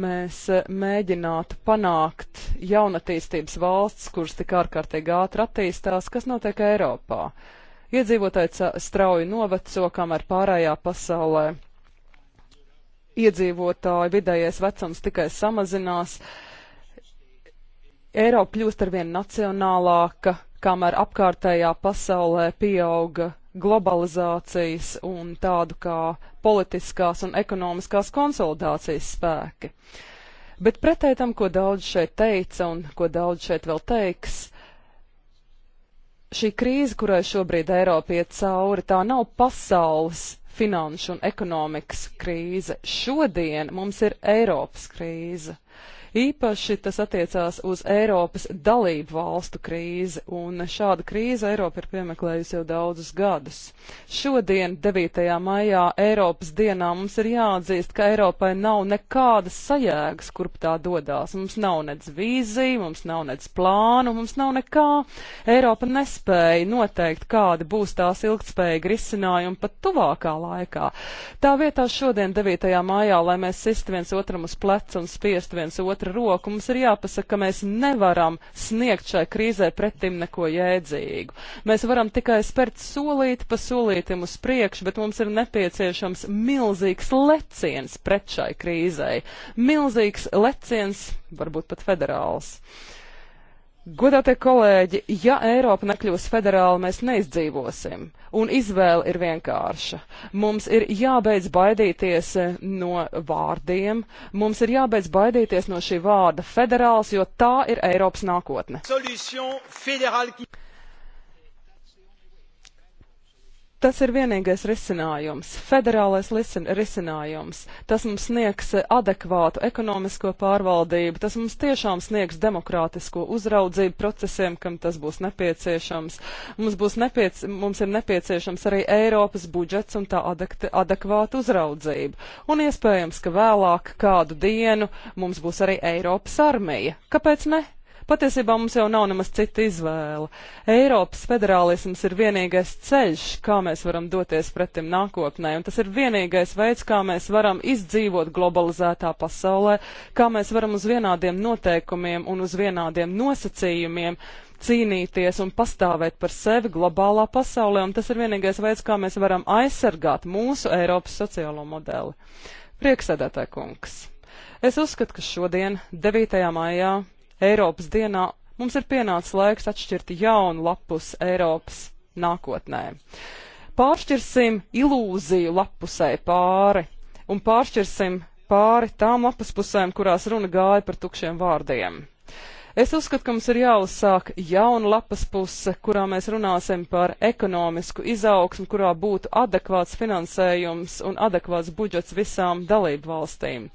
mēs mēģinātu panākt jaunatīstības valsts, kuras tik ārkārtīgi ātri attīstās, kas notiek Eiropā. Iedzīvotāji strauji noveco, kamēr pārējā pasaulē iedzīvotāju vidējais vecums tikai samazinās. Eiropa kļūst arvien nacionālāka, kamēr apkārtējā pasaulē pieauga globalizācijas un tādu kā politiskās un ekonomiskās konsolidācijas spēki. Bet pretēji tam, ko daudz šeit teica un ko daudz šeit vēl teiks, šī krīze, kurai šobrīd Eiropa iet cauri, tā nav pasaules finanšu un ekonomikas krīze. Šodien mums ir Eiropas krīze. Īpaši tas attiecās uz Eiropas dalību valstu krīzi, un šāda krīze Eiropa ir piemeklējusi jau daudzus gadus. Šodien, 9. maijā, Eiropas dienā mums ir jāatzīst, ka Eiropai nav nekādas sajēgas, kurp tā dodās. Mums nav nec vīzija, mums nav nec plānu, mums nav nekā. Eiropa nespēja noteikt, kādi būs tās ilgtspējīgi risinājumi pat tuvākā laikā. Tā vietā šodien, 9. maijā, lai mēs sistu viens otram uz pleca un spiestu viens otru ātri roku, mums ir jāpasaka, ka mēs nevaram sniegt šai krīzē pretim neko jēdzīgu. Mēs varam tikai spērt solīti pa solītim uz priekšu, bet mums ir nepieciešams milzīgs leciens pret šai krīzei. Milzīgs leciens, varbūt pat federāls. Uh, Godātie kolēģi, ja Eiropa nekļūs federāla, mēs neizdzīvosim. Un izvēle ir vienkārša. Mums ir jābeidz baidīties no vārdiem, mums ir jābeidz baidīties no šī vārda federāls, jo tā ir Eiropas nākotne. Tas ir vienīgais risinājums, federālais risinājums. Tas mums sniegs eh, adekvātu ekonomisko pārvaldību, tas mums tiešām sniegs demokrātisko uzraudzību procesiem, kam tas būs nepieciešams. Mums, būs nepiec mums ir nepieciešams arī Eiropas budžets un tā adek adekvāta uzraudzība. Un iespējams, ka vēlāk kādu dienu mums būs arī Eiropas armija. Kāpēc ne? Patiesībā mums jau nav nemaz cita izvēle. Eiropas federālisms ir vienīgais ceļš, kā mēs varam doties pretim nākotnē, un tas ir vienīgais veids, kā mēs varam izdzīvot globalizētā pasaulē, kā mēs varam uz vienādiem noteikumiem un uz vienādiem nosacījumiem cīnīties un pastāvēt par sevi globālā pasaulē, un tas ir vienīgais veids, kā mēs varam aizsargāt mūsu Eiropas sociālo modeli. Prieksēdētāj kungs! Es uzskatu, ka šodien, 9. maijā, Eiropas dienā mums ir pienācis laiks atšķirt jaunu lapus Eiropas nākotnē. Pāršķirsim ilūziju lapusē pāri un pāršķirsim pāri tām lapas pusēm, kurās runa gāja par tukšiem vārdiem. Es uzskatu, ka mums ir jāuzsāk jauna lapas puse, kurā mēs runāsim par ekonomisku izaugsmu, kurā būtu adekvāts finansējums un adekvāts budžets visām dalību valstīm.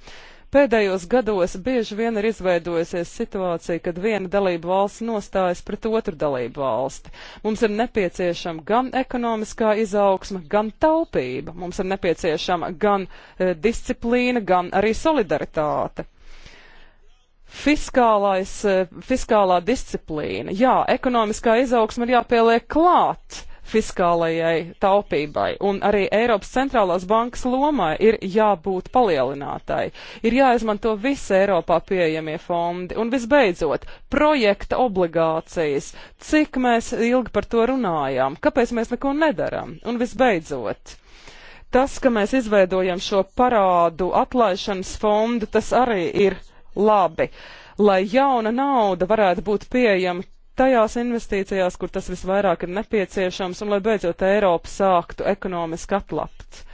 Pēdējos gados bieži vien ir izveidojusies situācija, kad viena dalība valsts nostājas pret otru dalību valsti. Mums ir nepieciešama gan ekonomiskā izaugsma, gan taupība. Mums ir nepieciešama gan e, disciplīna, gan arī solidaritāte. Fiskālais, e, fiskālā disciplīna. Jā, ekonomiskā izaugsma ir jāpieliek klāt fiskālajai taupībai. Un arī Eiropas centrālās bankas lomai ir jābūt palielinātai. Ir jāizmanto visi Eiropā pieejamie fondi. Un visbeidzot, projekta obligācijas. Cik mēs ilgi par to runājām? Kāpēc mēs neko nedaram? Un visbeidzot. Tas, ka mēs izveidojam šo parādu atlaišanas fondu, tas arī ir labi, lai jauna nauda varētu būt pieejama tajās investīcijās, kur tas visvairāk ir nepieciešams, un lai beidzot Eiropa sāktu ekonomiski atlapt.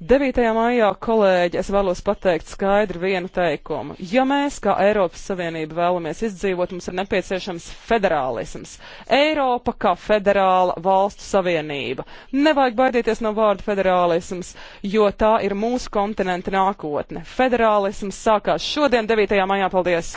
9. maijā, kolēģi, es vēlos pateikt skaidri vienu teikumu. Ja mēs, kā Eiropas Savienība, vēlamies izdzīvot, mums ir nepieciešams federālisms. Eiropa kā federāla valstu savienība. Nevajag baidīties no vārda federālisms, jo tā ir mūsu kontinenta nākotne. Federālisms sākās šodien, 9. maijā. Paldies!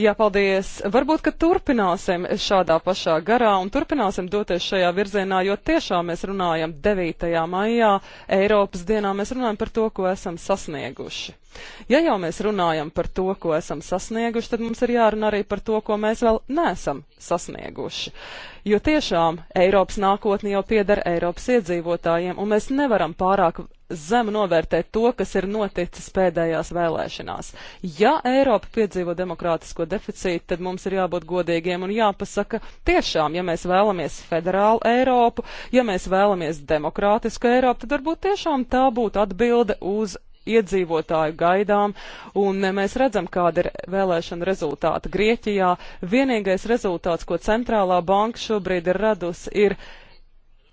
Jā, paldies. Varbūt, ka turpināsim šādā pašā garā un turpināsim doties šajā virzienā, jo tiešām mēs runājam 9. maijā, Eiropas dienā, mēs runājam par to, ko esam sasnieguši. Ja jau mēs runājam par to, ko esam sasnieguši, tad mums ir jārunā arī par to, ko mēs vēl neesam sasnieguši. Jo tiešām Eiropas nākotne jau pieder Eiropas iedzīvotājiem, un mēs nevaram pārāk zemu novērtēt to, kas ir noticis pēdējās vēlēšanās. Ja Eiropa piedzīvo demokrātisko deficītu, tad mums ir jābūt godīgiem un jāpasaka tiešām, ja mēs vēlamies federālu Eiropu, ja mēs vēlamies demokrātisku Eiropu, tad varbūt tiešām tā būtu atbilde uz iedzīvotāju gaidām, un e, mēs redzam, kāda ir vēlēšana rezultāta Grieķijā. Vienīgais rezultāts, ko centrālā banka šobrīd ir radusi, ir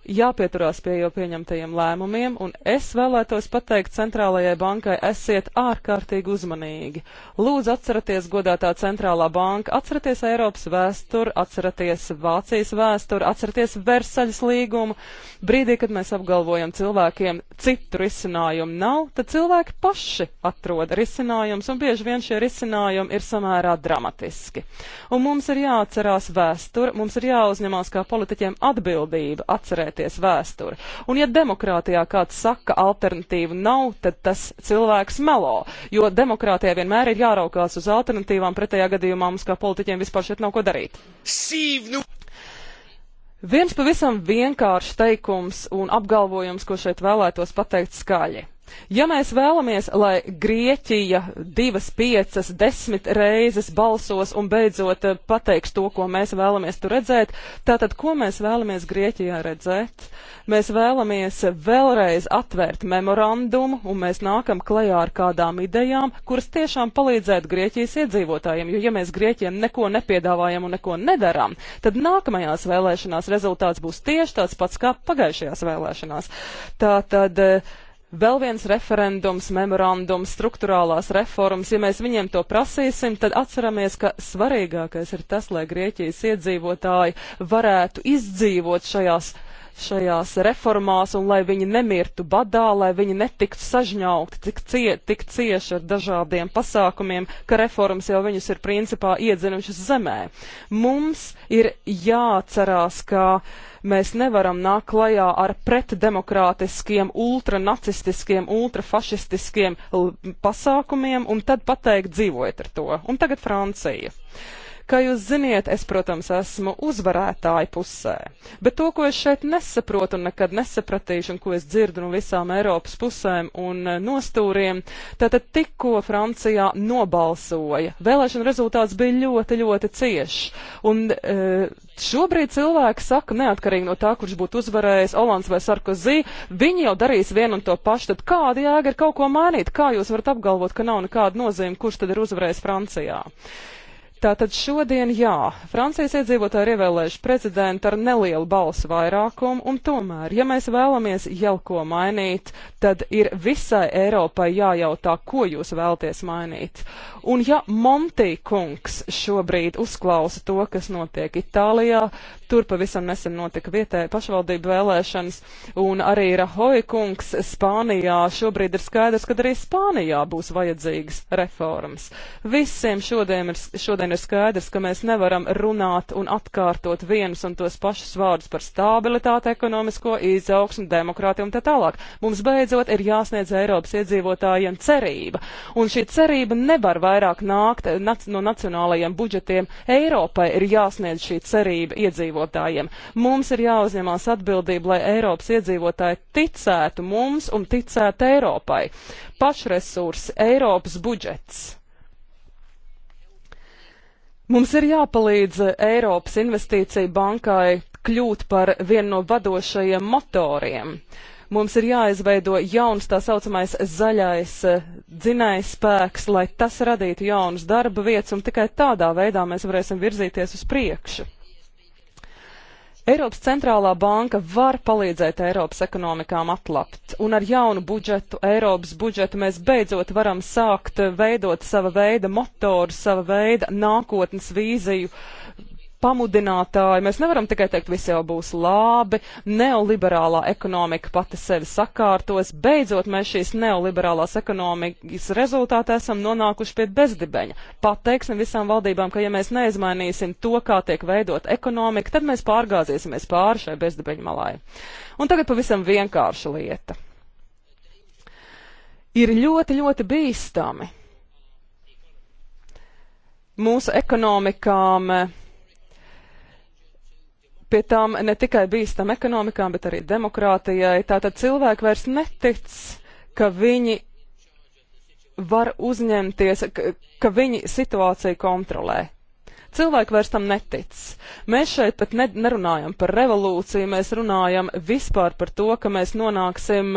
jāpieturās pie jau pieņemtajiem lēmumiem, un es vēlētos pateikt centrālajai bankai, esiet ārkārtīgi uzmanīgi. Lūdzu, atcerieties godātā centrālā banka, atcerieties Eiropas vēsturi, atcerieties Vācijas vēsturi, atcerieties Versaļas līgumu. Brīdī, kad mēs apgalvojam cilvēkiem, citu risinājumu nav, tad cilvēki paši atrod risinājumus, un bieži vien šie risinājumi ir samērā dramatiski. Un mums ir jāatcerās vēsture, mums ir jāuzņemās kā politiķiem atbildība atcerēt atcerieties vēsturi. Un ja demokrātijā kāds saka alternatīvu nav, tad tas cilvēks melo, jo demokrātijā vienmēr ir jāraukās uz alternatīvām, pretējā gadījumā mums kā politiķiem vispār šeit nav ko darīt. Sīvnu. Viens pavisam vienkāršs teikums un apgalvojums, ko šeit vēlētos pateikt skaļi. Ja mēs vēlamies, lai Grieķija divas, piecas, desmit reizes balsos un beidzot eh, pateiks to, ko mēs vēlamies tur redzēt, tātad ko mēs vēlamies Grieķijā redzēt? Mēs vēlamies vēlreiz atvērt memorandumu un mēs nākam klajā ar kādām idejām, kuras tiešām palīdzētu Grieķijas iedzīvotājiem, jo ja mēs Grieķiem neko nepiedāvājam un neko nedarām, tad nākamajās vēlēšanās rezultāts būs tieši tāds pats kā pagājušajās vēlēšanās. Tātad, eh, vēl viens referendums, memorandums, struktūrālās reformas, ja mēs viņiem to prasīsim, tad atceramies, ka svarīgākais ir tas, lai Grieķijas iedzīvotāji varētu izdzīvot šajās šajās reformās, un lai viņi nemirtu badā, lai viņi netiktu sažņaukti tik, cie, tik cieši ar dažādiem pasākumiem, ka reformas jau viņus ir principā iedzinušas zemē. Mums ir jāatcerās, ka mēs nevaram nākt klajā ar pretdemokrātiskiem, ultranacistiskiem, ultrafašistiskiem pasākumiem un tad pateikt dzīvojiet ar to. Un tagad Francija. Kā jūs ziniet, es, protams, esmu uzvarētāju pusē, bet to, ko es šeit nesaprotu un nekad nesapratīšu un ko es dzirdu no visām Eiropas pusēm un eh, nostūriem, tātad tikko Francijā nobalsoja. Vēlēšana rezultāts bija ļoti, ļoti ciešs. Un eh, šobrīd cilvēki saka, neatkarīgi no tā, kurš būtu uzvarējis, Olands vai Sarkozy, viņi jau darīs vienu un to pašu. Tad kāda jēga ir kaut ko mainīt? Kā jūs varat apgalvot, ka nav nekāda nozīme, kurš tad ir uzvarējis Francijā? Uh, Tātad šodien jā, Francijas iedzīvotāji ir ievēlējuši prezidentu ar nelielu balsu vairākumu, un tomēr, ja mēs vēlamies jau ko mainīt, tad ir visai Eiropai jājautā, ko jūs vēlties mainīt. Un ja Monti kungs šobrīd uzklausa to, kas notiek Itālijā, tur pavisam nesen notika vietēja pašvaldība vēlēšanas, un arī Rahoja kungs Spānijā šobrīd ir skaidrs, ka arī Spānijā būs vajadzīgas reformas. Visiem šodien ir, šodien vien ir skaidrs, ka mēs nevaram runāt un atkārtot vienus un tos pašus vārdus par stabilitāti, ekonomisko izaugsmu, demokrātiju un tā tālāk. Mums beidzot ir jāsniedz Eiropas iedzīvotājiem cerība, un šī cerība nevar vairāk nākt eh, nac no nacionālajiem budžetiem. Eiropai ir jāsniedz šī cerība iedzīvotājiem. Mums ir jāuzņemās atbildība, lai Eiropas iedzīvotāji ticētu mums un ticētu Eiropai. Pašresursi, Eiropas budžets. Mums ir jāpalīdz Eiropas investīcija bankai kļūt par vienu no vadošajiem motoriem. Mums ir jāizveido jauns tā saucamais zaļais eh, dzinējs spēks, lai tas radītu jaunas darba vietas, un tikai tādā veidā mēs varēsim virzīties uz priekšu. Eiropas centrālā banka var palīdzēt Eiropas ekonomikām atlapt, un ar jaunu budžetu, Eiropas budžetu, mēs beidzot varam sākt eh, veidot sava veida motoru, sava veida nākotnes vīziju, uh, pamudinātāji. Mēs nevaram tikai teikt, viss jau būs labi, neoliberālā ekonomika pati sevi sakārtos. Beidzot, mēs šīs neoliberālās ekonomikas rezultātā esam nonākuši pie bezdibeņa. Pateiksim visām valdībām, ka ja mēs neizmainīsim to, kā tiek veidot ekonomika, tad mēs pārgāziesimies pāri šai bezdibeņa malai. Un tagad pavisam vienkārša lieta ir ļoti, ļoti bīstami. Mūsu ekonomikām pie tām ne tikai bīstam ekonomikām, bet arī demokrātijai. Tātad cilvēki vairs netic, ka viņi var uzņemties, ka, ka viņi situāciju kontrolē. Cilvēki vairs tam netic. Mēs šeit pat ne, nerunājam par revolūciju, mēs runājam vispār par to, ka mēs nonāksim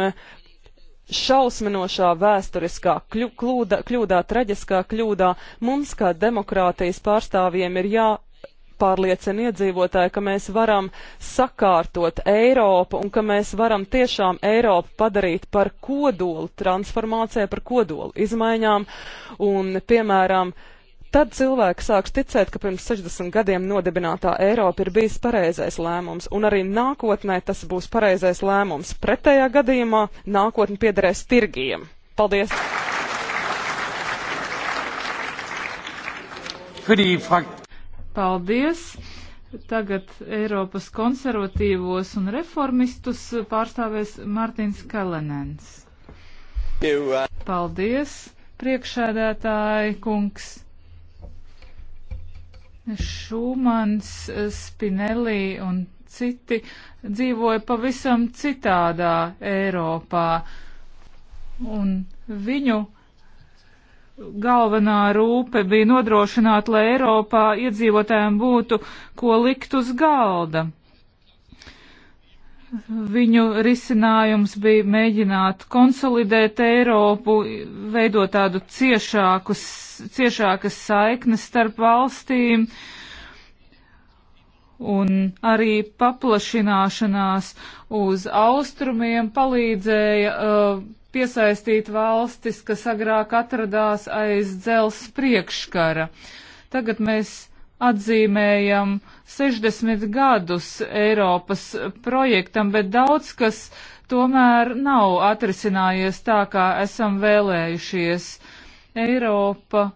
šausminošā vēsturiskā kļu, kļūda, kļūdā, traģiskā kļūdā. Mums, kā demokrātijas pārstāvjiem, ir jā, jāpārliecina iedzīvotāji, ka mēs varam sakārtot Eiropu un ka mēs varam tiešām Eiropu padarīt par kodolu transformācijai, par kodolu izmaiņām un, piemēram, Tad cilvēki sāks ticēt, ka pirms 60 gadiem nodibinātā Eiropa ir bijis pareizais lēmums, un arī nākotnē tas būs pareizais lēmums. Pretējā gadījumā nākotni piederēs tirgiem. Paldies! Für die Fraktion. Paldies! Tagad Eiropas konservatīvos un reformistus pārstāvēs Martins Kalenens. Paldies, priekšēdētāji kungs! Šumans, Spinelli un citi dzīvoja pavisam citādā Eiropā. Un viņu galvenā rūpe bija nodrošināt, lai Eiropā iedzīvotājiem būtu ko likt uz galda. Viņu risinājums bija mēģināt konsolidēt Eiropu, veidot tādu ciešākus, ciešākas saiknes starp valstīm un arī paplašināšanās uz austrumiem palīdzēja uh, piesaistīt valstis, kas agrāk atradās aiz dzels priekškara. Tagad mēs atzīmējam 60 gadus Eiropas projektam, bet daudz kas tomēr nav atrisinājies tā, kā esam vēlējušies. Eiropa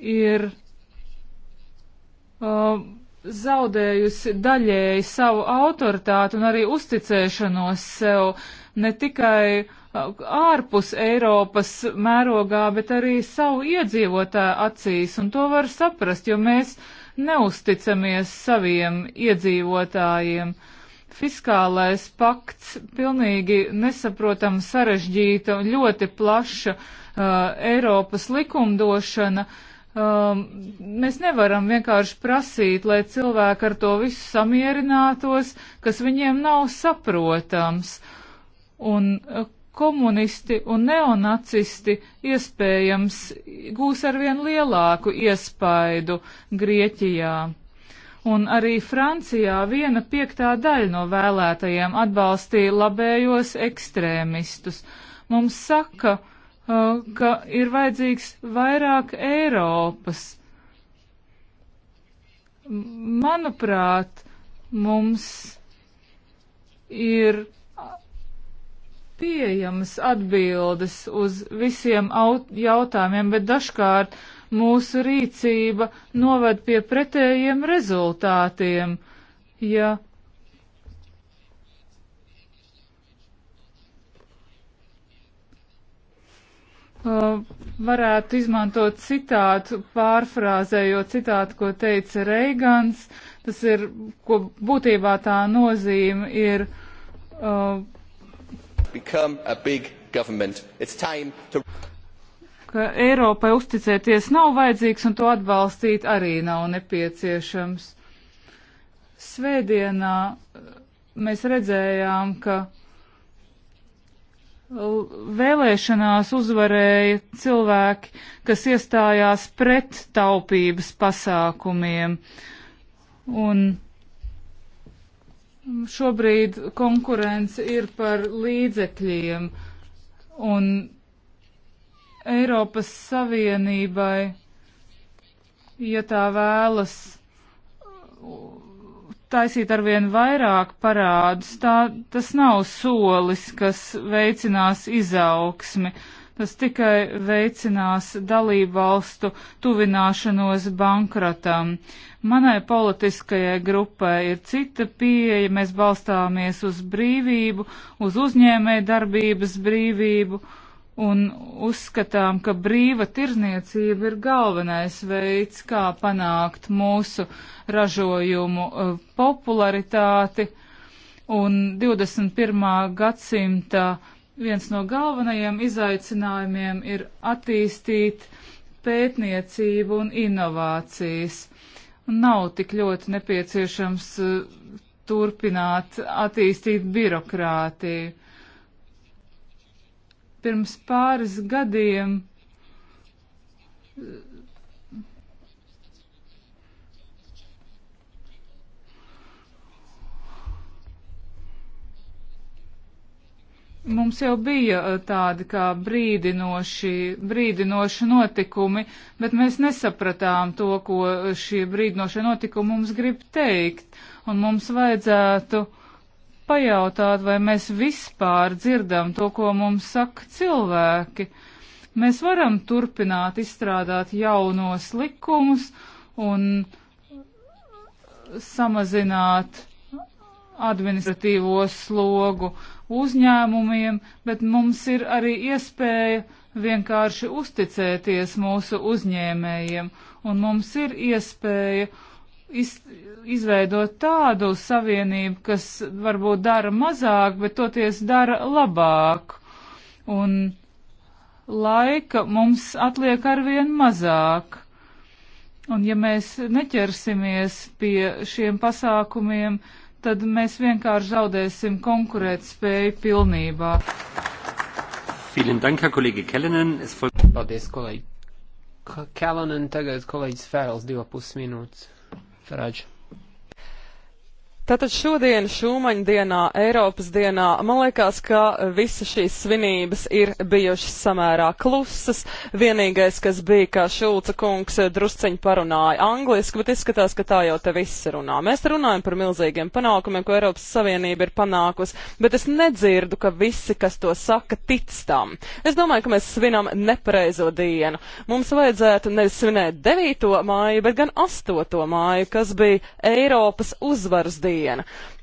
ir um, zaudējusi daļēji savu autoritātu un arī uzticēšanos sev ne tikai ārpus Eiropas mērogā, bet arī savu iedzīvotāju acīs, un to var saprast, jo mēs neusticamies saviem iedzīvotājiem. Fiskālais pakts pilnīgi nesaprotam sarežģīta un ļoti plaša uh, Eiropas likumdošana. Um, mēs nevaram vienkārši prasīt, lai cilvēki ar to visu samierinātos, kas viņiem nav saprotams. Uh, un e, komunisti un neonacisti iespējams gūs arvien lielāku iespaidu Grieķijā. Un arī Francijā viena piektā daļa no vēlētajiem atbalstīja labējos ekstrēmistus. Mums saka, e, ka ir vajadzīgs vairāk Eiropas. Manuprāt, mums ir pieejamas atbildes uz visiem jautājumiem, bet dažkārt mūsu rīcība noved pie pretējiem rezultātiem. Ja uh, varētu izmantot citātu, pārfrāzējot citātu, ko teica Reigans. Tas ir, ko būtībā tā nozīme ir, uh, become a big government. It's time to. Ka Eiropai uzticēties nav vajadzīgs un to atbalstīt arī nav nepieciešams. Svētdienā eh, mēs redzējām, ka vēlēšanās uzvarēja cilvēki, kas iestājās pret taupības pasākumiem. Un Mm, šobrīd konkurence ir par līdzekļiem, un Eiropas Savienībai, ja tā vēlas taisīt arvien vairāk parādus, tā, tas nav solis, kas veicinās izaugsmi. Uh, Tas tikai veicinās dalību valstu tuvināšanos bankratam. Manai politiskajai grupai ir cita pieeja, mēs balstāmies uz brīvību, uz uzņēmēju darbības brīvību un uzskatām, ka brīva tirzniecība ir galvenais veids, kā panākt mūsu ražojumu uh, popularitāti. Un 21. gadsimta uh, viens no galvenajiem izaicinājumiem ir attīstīt pētniecību un inovācijas. Nav tik ļoti nepieciešams eh, turpināt attīstīt birokrātiju. Pirms pāris gadiem Mums jau bija eh, tādi kā brīdinoši, brīdinoši notikumi, bet mēs nesapratām to, ko eh, šie brīdinošie notikumi mums grib teikt. Un mums vajadzētu pajautāt, vai mēs vispār dzirdam to, ko mums saka cilvēki. Mēs varam turpināt izstrādāt jaunos likumus un samazināt administratīvo slogu uzņēmumiem, bet mums ir arī iespēja vienkārši uzticēties mūsu uzņēmējiem, un mums ir iespēja iz, izveidot tādu savienību, kas varbūt dara mazāk, bet toties dara labāk. Un laika mums atliek arvien mazāk. Un ja mēs neķersimies pie šiem pasākumiem, tad mēs vienkārši zaudēsim konkurētspēju pilnībā. Paldies, kolēģi. Kalenen, tagad kolēģis Fērls, divas pusminūtes. Farage. Tātad šodien, šūmaņa dienā, Eiropas dienā, man liekas, ka visas šīs svinības ir bijušas samērā klusas. Vienīgais, kas bija, ka Šulca kungs drusceņi parunāja angliski, bet izskatās, ka tā jau te viss runā. Mēs runājam par milzīgiem panākumiem, ko Eiropas Savienība ir panākusi, bet es nedzirdu, ka visi, kas to saka, tic tam. Es domāju, ka mēs svinam nepareizo dienu. Mums vajadzētu nevis svinēt 9. māju, bet gan 8. māju, kas bija Eiropas uzvaras diena diena.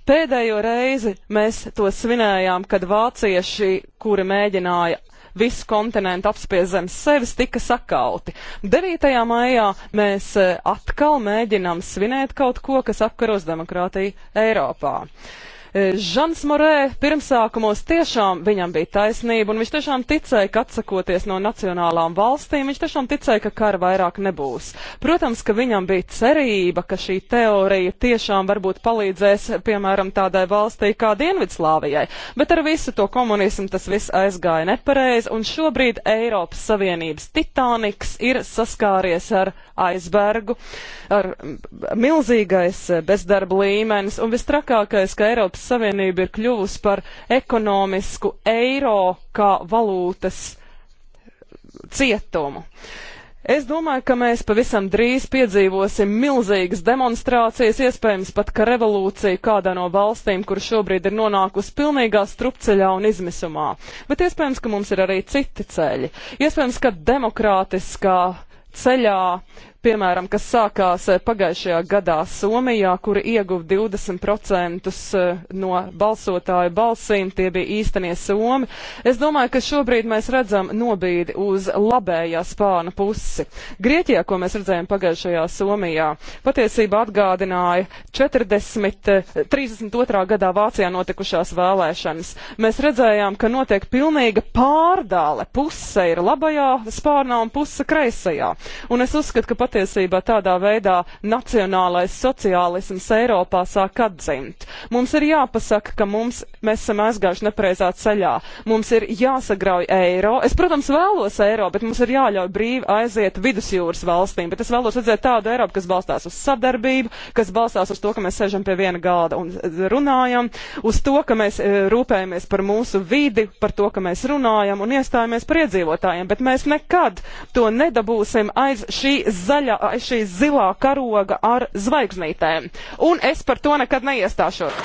Pēdējo reizi mēs to svinējām, kad vācieši, kuri mēģināja visu kontinentu apspiest zem sevis, tika sakauti. 9. maijā mēs eh, atkal mēģinām svinēt kaut ko, kas apkaros demokrātiju Eiropā. Uh, Žans Morē pirmsākumos tiešām viņam bija taisnība, un viņš tiešām ticēja, ka atsakoties no nacionālām valstīm, viņš tiešām ticēja, ka kara vairāk nebūs. Protams, ka viņam bija cerība, ka šī teorija tiešām varbūt palīdzēs, piemēram, tādai valstī kā Dienvidslāvijai, bet ar visu to komunismu tas viss aizgāja nepareizi, un šobrīd Eiropas Savienības Titaniks ir saskāries ar aizbergu, ar milzīgais eh, bezdarba līmenis, un vistrakākais, ka Eiropas Eiropas Savienība ir kļuvusi par ekonomisku eiro kā valūtas cietumu. Es domāju, ka mēs pavisam drīz piedzīvosim milzīgas demonstrācijas, iespējams pat ka revolūcija kādā no valstīm, kur šobrīd ir nonākusi pilnīgā strupceļā un izmisumā. Bet iespējams, ka mums ir arī citi ceļi. Iespējams, ka demokrātiskā ceļā piemēram, kas sākās eh, pagājušajā gadā Somijā, kuri ieguva 20% eh, no balsotāju balsīm, tie bija īstenie Somi. Es domāju, ka šobrīd mēs redzam nobīdi uz labējā spāna pusi. Grieķijā, ko mēs redzējām pagājušajā Somijā, patiesībā atgādināja 40, 32. Eh, gadā Vācijā notikušās vēlēšanas. Mēs redzējām, ka notiek pilnīga pārdāle. Puse ir labajā spārnā un puse kreisajā. Un es uzskatu, ka pat patiesībā tādā veidā nacionālais sociālisms Eiropā sāk atdzimt. Mums ir jāpasaka, ka mums, mēs esam aizgājuši nepareizā ceļā. Mums ir jāsagrauj eiro. Es, protams, vēlos eiro, bet mums ir jāļauj brīvi aiziet vidusjūras valstīm. Bet es vēlos redzēt tādu Eiropu, kas balstās uz sadarbību, kas balstās uz to, ka mēs sēžam pie viena gāda un runājam, uz to, ka mēs e, rūpējamies par mūsu vidi, par to, ka mēs runājam un iestājamies par iedzīvotājiem. Bet mēs nekad to nedabūsim aiz šī zaļā zaļā, šī zilā karoga ar zvaigznītēm. Un es par to nekad neiestāšos.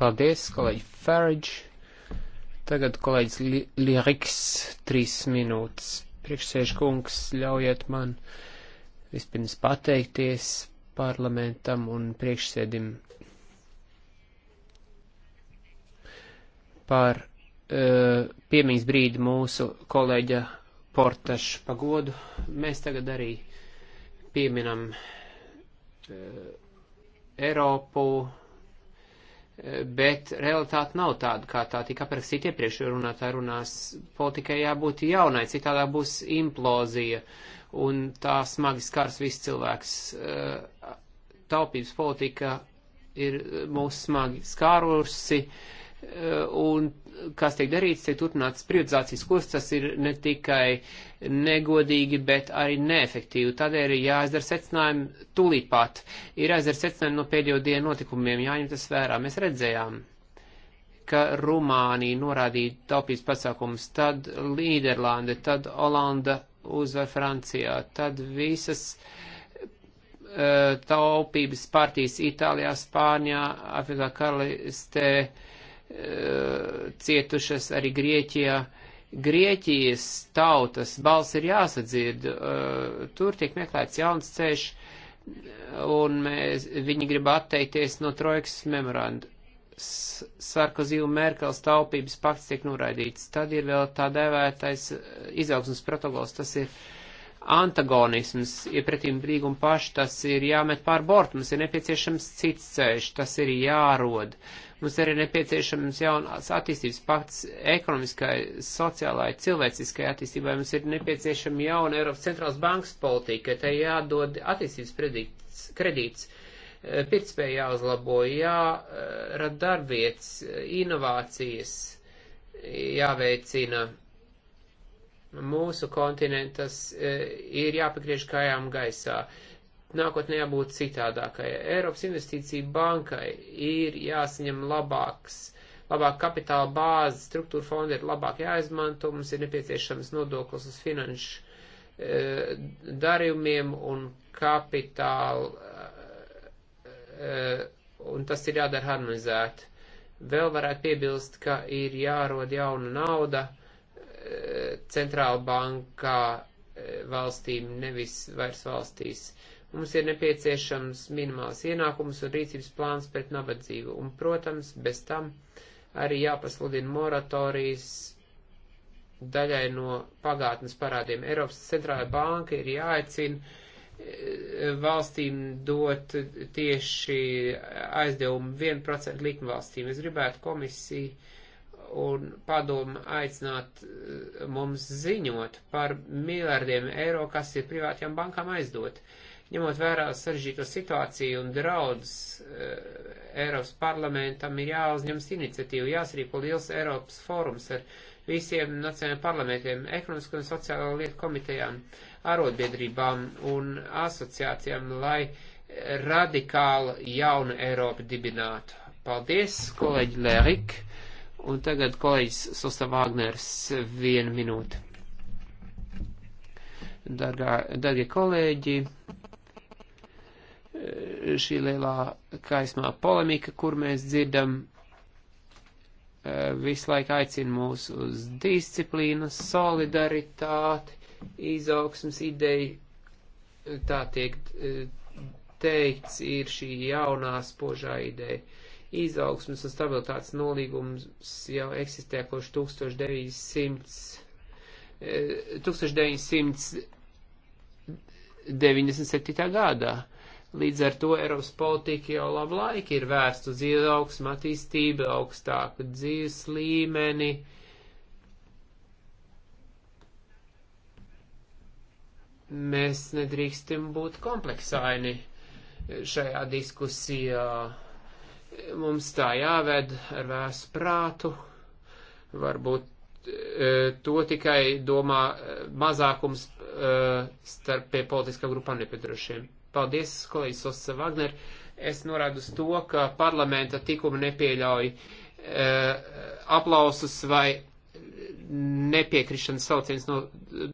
Paldies, kolēģi Farage. Tagad kolēģis Liriks, trīs minūtes. Priekšsēžkungs, ļaujiet man vispirms pateikties parlamentam un priekšsēdim par uh, piemiņas brīdi mūsu kolēģa Portašu pagodu. Mēs tagad arī pieminam e, Eiropu, e, bet realitāte nav tāda, kā tā tika aprakstīta iepriekš, jo runātā runās politikai jābūt jaunai, citādā būs implozija un tā smagi skars viss cilvēks. E, taupības politika ir mūs smagi skārusi. E, Eh, un kas tiek darīts, tiek turpināts privatizācijas kurs, tas ir ne tikai negodīgi, bet arī neefektīvi. Tādēļ ir jāizdara secinājumi tūlīt pat, ir jāizdara secinājumi no pēdējo dienu notikumiem, jāņem tas vērā. Mēs redzējām, ka Rumānija norādīja taupības pasākumus, tad Līderlande, tad Olanda uzvar Francijā, tad visas eh, taupības partijas Itālijā, Spānijā, Afrikā, Karalistē, uh, Eh, cietušas arī Grieķijā. Grieķijas tautas balss ir jāsadzird, eh, tur tiek meklēts jauns ceļš, un mēs, viņi grib atteikties no trojkas memorandu. Sarkozī un Merkels taupības pakts tiek noraidīts. Tad ir vēl tā dēvētais eh, izaugsmas protokols, tas ir antagonisms, ja pretīm brīgumu paši tas ir jāmet pār bortu, mums ir nepieciešams cits ceļš, tas ir jārod. Uh, Mums arī nepieciešams jaunās attīstības pakts ekonomiskai, sociālai, cilvēciskai attīstībai. Mums ir nepieciešama jauna Eiropas centrālās bankas politika, tai jādod attīstības predīts, kredīts, eh, pirtspēja jāuzlabo, jārada darbvietas, eh, inovācijas, jāveicina mūsu kontinentas eh, ir jāpagriež kājām gaisā. Uh, nākotnē jābūt citādākai. Eiropas investīcija bankai ir jāsaņem labāks, labāk kapitāla bāze, struktūra fondi ir labāk jāizmanto, mums ir nepieciešams nodoklis uz finanšu e, darījumiem un kapitālu, e, eh, un tas ir jādara harmonizēt. Vēl varētu piebilst, ka ir jārod jauna nauda e, centrāla bankā valstīm, nevis vairs valstīs. Uh, Mums ir nepieciešams minimāls ienākums un rīcības plāns pret nabadzību, un, protams, bez tam arī jāpasludina moratorijas daļai no pagātnes parādiem. Eiropas centrālajā banka ir jāaicina e, valstīm dot tieši aizdevumu 1% likuma valstīm. Es gribētu komisiju un padomu aicināt e, mums ziņot par miljardiem eiro, kas ir privātajām bankām aizdot. Uh, Ņemot vērā sarežģīto situāciju un draudz eh, Eiropas parlamentam ir jāuzņems iniciatīva, jāsrīko liels Eiropas fórums ar visiem nacionālajiem parlamentiem, ekonomisko un sociālo lietu komitejām, arotbiedrībām un asociācijām, lai radikālu jaunu Eiropu dibinātu. Paldies, kolēģi Lērik, un tagad kolēģis Sosta Vāgners vienu minūti. Dargā, dargie kolēģi, šī lielā kaismā polemika, kur mēs dzirdam, e, visu laiku aicina mūs uz disciplīnas, solidaritāti, izaugsmas ideju. Tā tiek e, teikts, ir šī jaunā spožā ideja. Izaugsmas un stabilitātes nolīgums jau eksistē kopš 1900. 1997. E, gadā Līdz ar to Eiropas politika jau labu laiku ir vērsta uz izaugsmu, attīstību, augstāku dzīves līmeni. Mēs nedrīkstam būt kompleksāini šajā diskusijā. Mums tā jāved ar vēsu prātu. Varbūt e, to tikai domā e, mazākums e, starp pie politiskā grupā nepiedarošiem. Paldies, kolēģis Sosa Vagner. Es norādu uz to, ka parlamenta tikuma nepieļauj uh, aplausus vai nepiekrišanas sauciens no